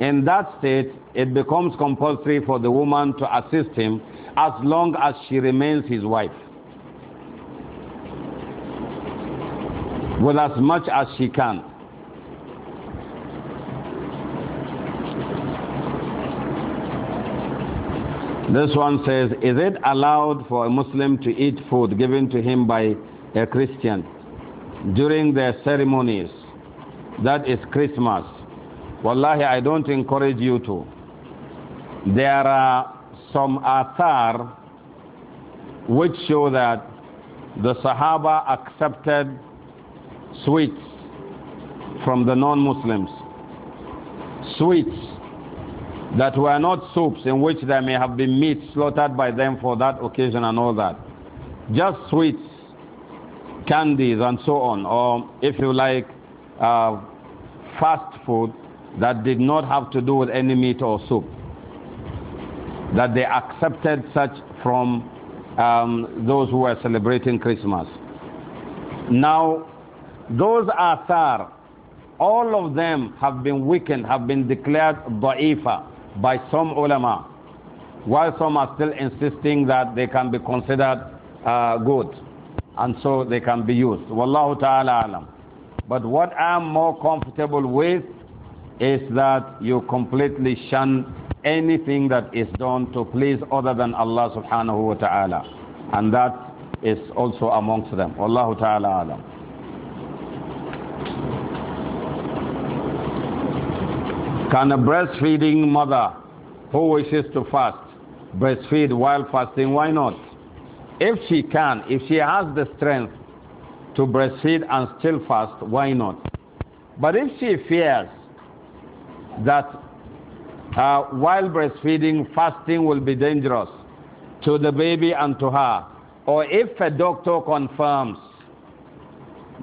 In that state, it becomes compulsory for the woman to assist him as long as she remains his wife. With as much as she can. This one says, Is it allowed for a Muslim to eat food given to him by a Christian during their ceremonies? That is Christmas. Wallahi, I don't encourage you to. There are some athar which show that the Sahaba accepted sweets from the non Muslims. Sweets that were not soups in which there may have been meat slaughtered by them for that occasion and all that. Just sweets, candies, and so on, or if you like, uh, fast food that did not have to do with any meat or soup. That they accepted such from um, those who were celebrating Christmas. Now, those asar, all of them have been weakened, have been declared ba'ifa by some ulama, while some are still insisting that they can be considered uh, good and so they can be used. Wallahu ta'ala alam. But what I'm more comfortable with is that you completely shun anything that is done to please other than Allah subhanahu wa ta'ala. And that is also amongst them. Wallahu ta'ala alam. Can a breastfeeding mother who wishes to fast breastfeed while fasting? Why not? If she can, if she has the strength to breastfeed and still fast, why not? But if she fears that uh, while breastfeeding, fasting will be dangerous to the baby and to her, or if a doctor confirms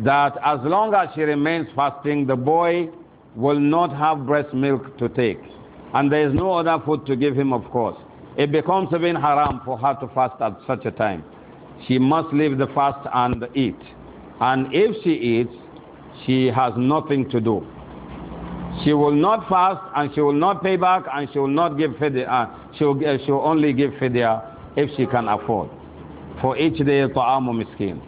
that as long as she remains fasting, the boy will not have breast milk to take. And there is no other food to give him, of course. It becomes even haram for her to fast at such a time. She must leave the fast and eat. And if she eats, she has nothing to do. She will not fast and she will not pay back and she will not give fidya. Uh, she will, uh, she will only give fidya if she can afford. For each day, ta'amu miskin.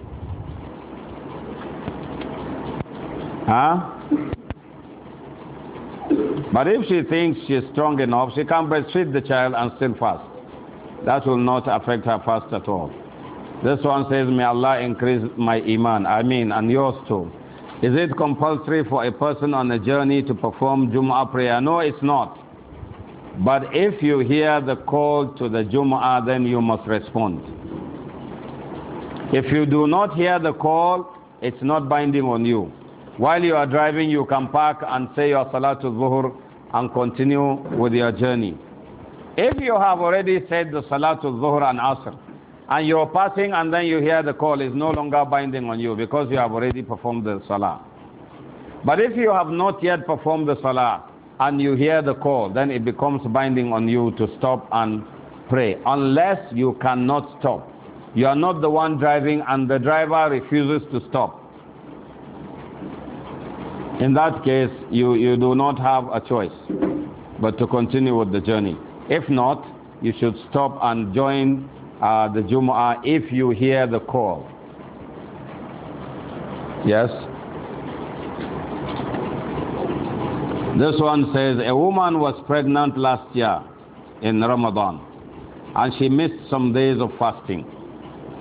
Huh? But if she thinks she is strong enough, she can breastfeed the child and still fast. That will not affect her fast at all. This one says, May Allah increase my iman. I mean, and yours too. Is it compulsory for a person on a journey to perform Jum'ah prayer? No, it's not. But if you hear the call to the Jum'ah, then you must respond. If you do not hear the call, it's not binding on you. While you are driving, you can park and say your Salatul Zuhur and continue with your journey. If you have already said the Salatul Zuhr and Asr, and you're passing and then you hear the call, is no longer binding on you because you have already performed the Salah. But if you have not yet performed the Salah and you hear the call, then it becomes binding on you to stop and pray, unless you cannot stop. You are not the one driving and the driver refuses to stop in that case, you, you do not have a choice but to continue with the journey. If not, you should stop and join uh, the Jumu'ah if you hear the call. Yes? This one says a woman was pregnant last year in Ramadan and she missed some days of fasting.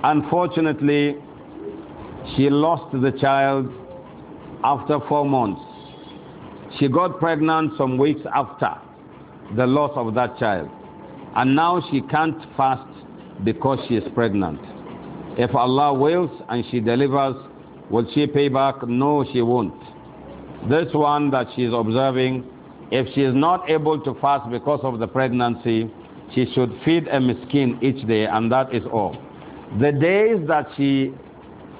Unfortunately, she lost the child after four months. She got pregnant some weeks after the loss of that child. And now she can't fast because she is pregnant. If Allah wills and she delivers, will she pay back? No, she won't. This one that she is observing, if she is not able to fast because of the pregnancy, she should feed a miskin each day, and that is all. The days that she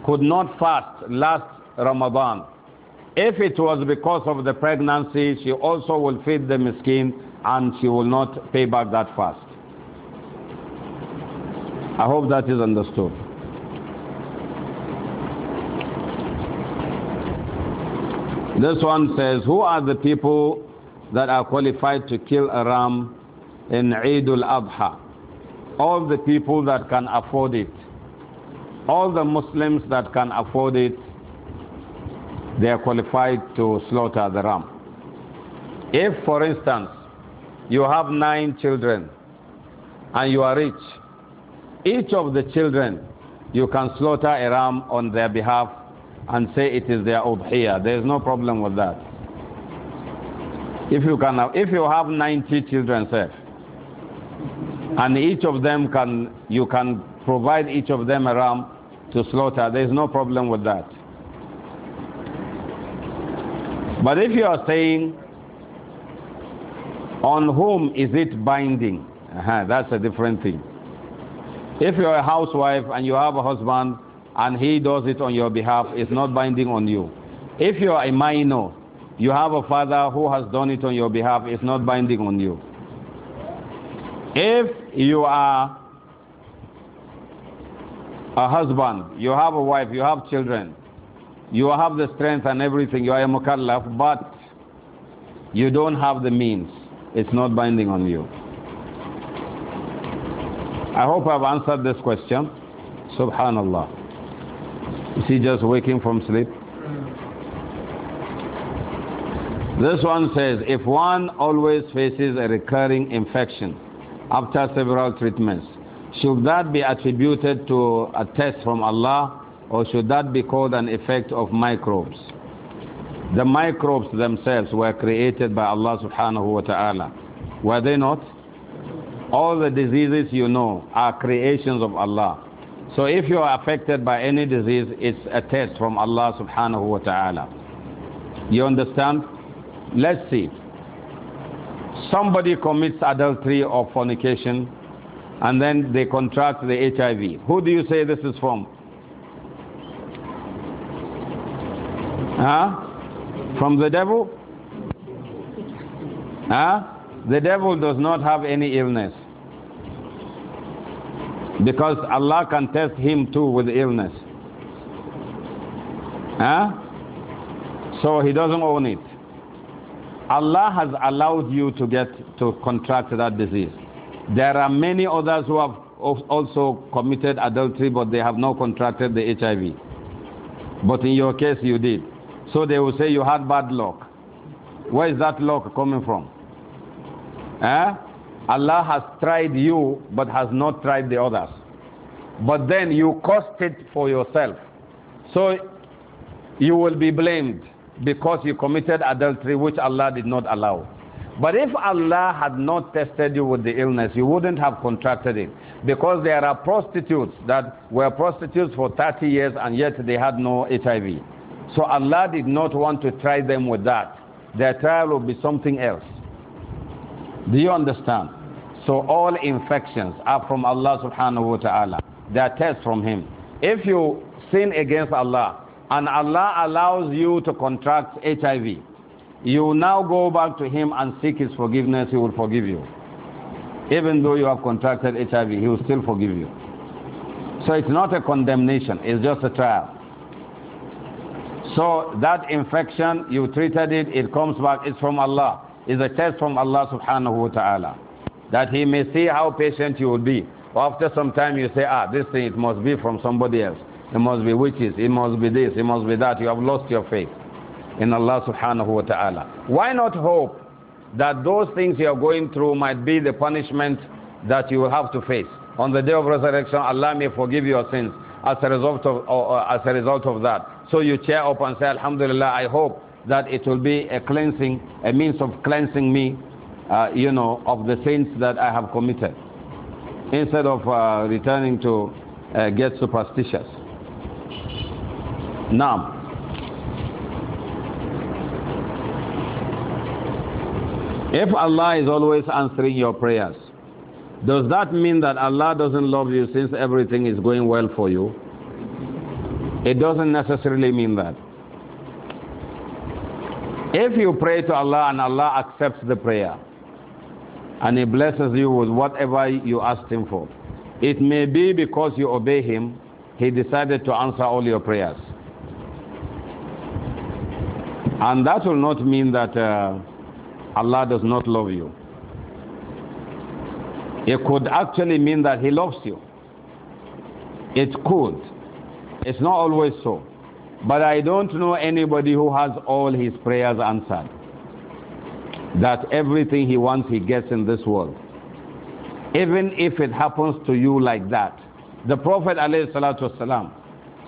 could not fast last Ramadan, if it was because of the pregnancy, she also will feed the miskin and she will not pay back that fast. I hope that is understood. This one says, Who are the people that are qualified to kill a ram in Eid al Adha? All the people that can afford it. All the Muslims that can afford it they are qualified to slaughter the ram. If, for instance, you have nine children and you are rich, each of the children you can slaughter a ram on their behalf and say it is their udhiyah. There is no problem with that. If you can, have, if you have 90 children, sir, and each of them can, you can provide each of them a ram to slaughter. There is no problem with that. But if you are saying, on whom is it binding? Uh -huh, that's a different thing. If you're a housewife and you have a husband and he does it on your behalf, it's not binding on you. If you are a minor, you have a father who has done it on your behalf, it's not binding on you. If you are a husband, you have a wife, you have children, you have the strength and everything, you are a mukallaf, but you don't have the means. It's not binding on you. I hope I've answered this question. Subhanallah. Is he just waking from sleep? This one says if one always faces a recurring infection after several treatments, should that be attributed to a test from Allah or should that be called an effect of microbes? The microbes themselves were created by Allah subhanahu wa ta'ala. Were they not? All the diseases you know are creations of Allah. So if you are affected by any disease, it's a test from Allah subhanahu wa ta'ala. You understand? Let's see. Somebody commits adultery or fornication and then they contract the HIV. Who do you say this is from? Huh? From the devil? Huh? The devil does not have any illness. Because Allah can test him too with illness. Huh? So he doesn't own it. Allah has allowed you to get to contract that disease. There are many others who have also committed adultery, but they have not contracted the HIV. But in your case, you did. So they will say, You had bad luck. Where is that luck coming from? Eh? Allah has tried you, but has not tried the others. But then you caused it for yourself. So you will be blamed because you committed adultery, which Allah did not allow. But if Allah had not tested you with the illness, you wouldn't have contracted it. Because there are prostitutes that were prostitutes for 30 years and yet they had no HIV. So Allah did not want to try them with that. Their trial will be something else. Do you understand? So all infections are from Allah subhanahu wa ta'ala. They are tests from Him. If you sin against Allah and Allah allows you to contract HIV, you now go back to Him and seek His forgiveness, He will forgive you. Even though you have contracted HIV, He will still forgive you. So it's not a condemnation, it's just a trial. So that infection, you treated it, it comes back, it's from Allah. It's a test from Allah subhanahu wa ta'ala. That He may see how patient you will be. After some time, you say, ah, this thing, it must be from somebody else. It must be witches, it must be this, it must be that. You have lost your faith in Allah subhanahu wa ta'ala. Why not hope that those things you are going through might be the punishment that you will have to face? On the day of resurrection, Allah may forgive your sins as a result of, or, or, as a result of that. So you cheer up and say, Alhamdulillah, I hope that it will be a cleansing, a means of cleansing me, uh, you know, of the sins that I have committed. Instead of uh, returning to uh, get superstitious. Now, If Allah is always answering your prayers, does that mean that Allah doesn't love you since everything is going well for you? It doesn't necessarily mean that. If you pray to Allah and Allah accepts the prayer and He blesses you with whatever you asked Him for, it may be because you obey Him, He decided to answer all your prayers. And that will not mean that uh, Allah does not love you. It could actually mean that He loves you. It could. It's not always so. But I don't know anybody who has all his prayers answered. That everything he wants, he gets in this world. Even if it happens to you like that. The Prophet والسلام,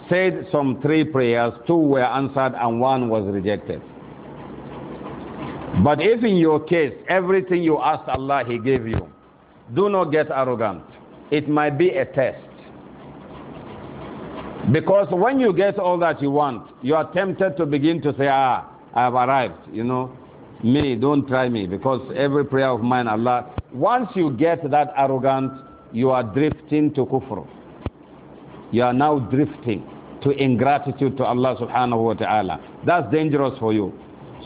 said some three prayers, two were answered and one was rejected. But if in your case, everything you asked Allah, He gave you, do not get arrogant. It might be a test. Because when you get all that you want, you are tempted to begin to say, ah, I have arrived, you know. Me, don't try me, because every prayer of mine, Allah. Once you get that arrogant, you are drifting to kufr. You are now drifting to ingratitude to Allah subhanahu wa ta'ala. That's dangerous for you.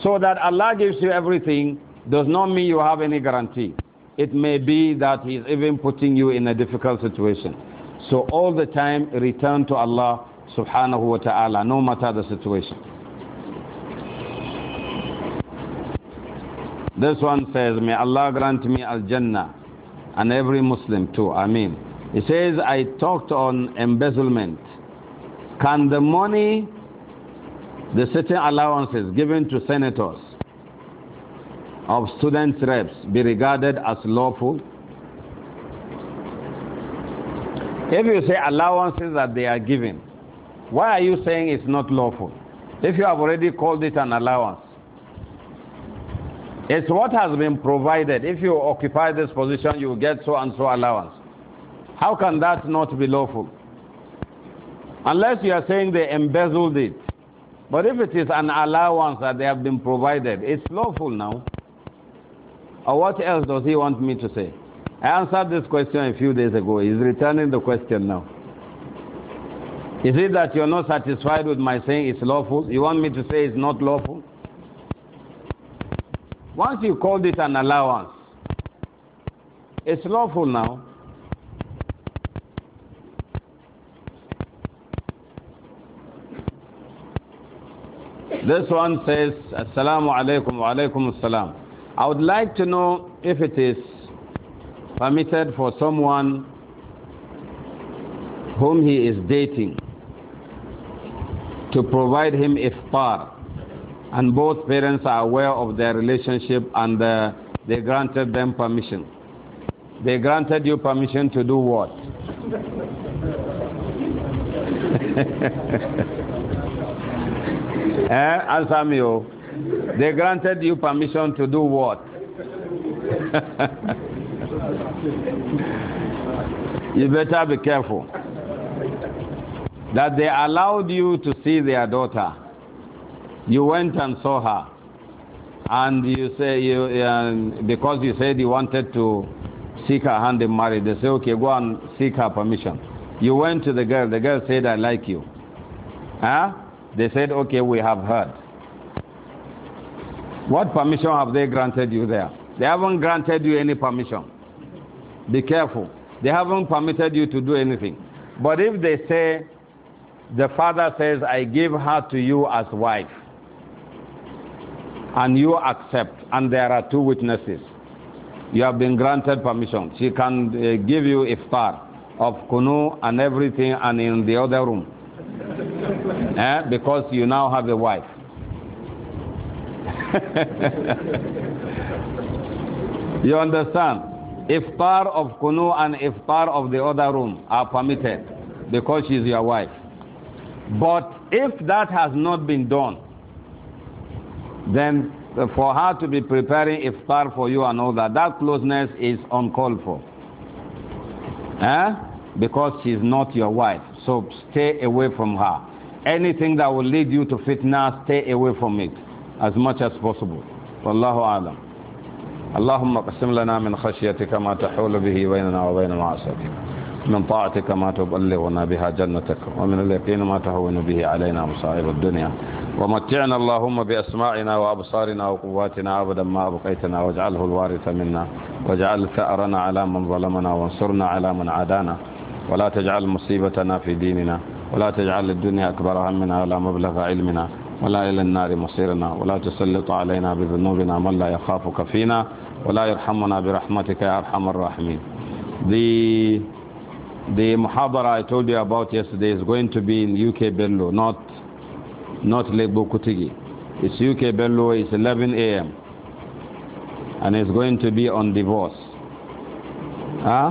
So that Allah gives you everything does not mean you have any guarantee. It may be that He's even putting you in a difficult situation. So all the time return to Allah subhanahu wa ta'ala, no matter the situation. This one says, May Allah grant me Al Jannah and every Muslim too. Ameen. He says, I talked on embezzlement. Can the money, the certain allowances given to senators of student reps be regarded as lawful? If you say allowances that they are given, why are you saying it's not lawful? If you have already called it an allowance, it's what has been provided. If you occupy this position, you get so and so allowance. How can that not be lawful? Unless you are saying they embezzled it. But if it is an allowance that they have been provided, it's lawful now. Or what else does he want me to say? I answered this question a few days ago. He's returning the question now. Is it that you're not satisfied with my saying it's lawful? You want me to say it's not lawful? Once you called it an allowance, it's lawful now. This one says, Assalamu alaikum wa alaikum assalam. I would like to know if it is permitted for someone whom he is dating to provide him iftar and both parents are aware of their relationship and uh, they granted them permission. They granted you permission to do what? eh, answer me. Oh. They granted you permission to do what? You better be careful. That they allowed you to see their daughter. You went and saw her. And you say, you, because you said you wanted to seek her hand in marriage, they say, okay, go and seek her permission. You went to the girl. The girl said, I like you. Huh? They said, okay, we have heard. What permission have they granted you there? They haven't granted you any permission. Be careful. They haven't permitted you to do anything. But if they say, the father says, I give her to you as wife, and you accept, and there are two witnesses, you have been granted permission. She can uh, give you iftar of kunu and everything, and in the other room. eh? Because you now have a wife. you understand? iftar of kunu and iftar of the other room are permitted because she's your wife. But if that has not been done, then for her to be preparing iftar for you and all that, that closeness is uncalled for. Eh? Because she's not your wife. So stay away from her. Anything that will lead you to fitna, stay away from it as much as possible. Wallahu alam. اللهم اقسم لنا من خشيتك ما تحول به بيننا وبين معاصيك من طاعتك ما تبلغنا بها جنتك ومن اليقين ما تهون به علينا مصائب الدنيا ومتعنا اللهم بأسماعنا وأبصارنا وقواتنا أبدا ما أبقيتنا واجعله الوارث منا واجعل ثأرنا على من ظلمنا وانصرنا على من عادانا ولا تجعل مصيبتنا في ديننا ولا تجعل الدنيا أكبر همنا ولا مبلغ علمنا ولا إلى النار مصيرنا ولا تسلط علينا بذنوبنا من لا يخافك فينا ولا يرحمنا برحمتك يا أرحم الراحمين The, the محاضرة I told you about yesterday is going to be in UK Bello, not, not Lake Bukutigi. It's UK Bello, it's 11 a.m. And it's going to be on divorce. Huh?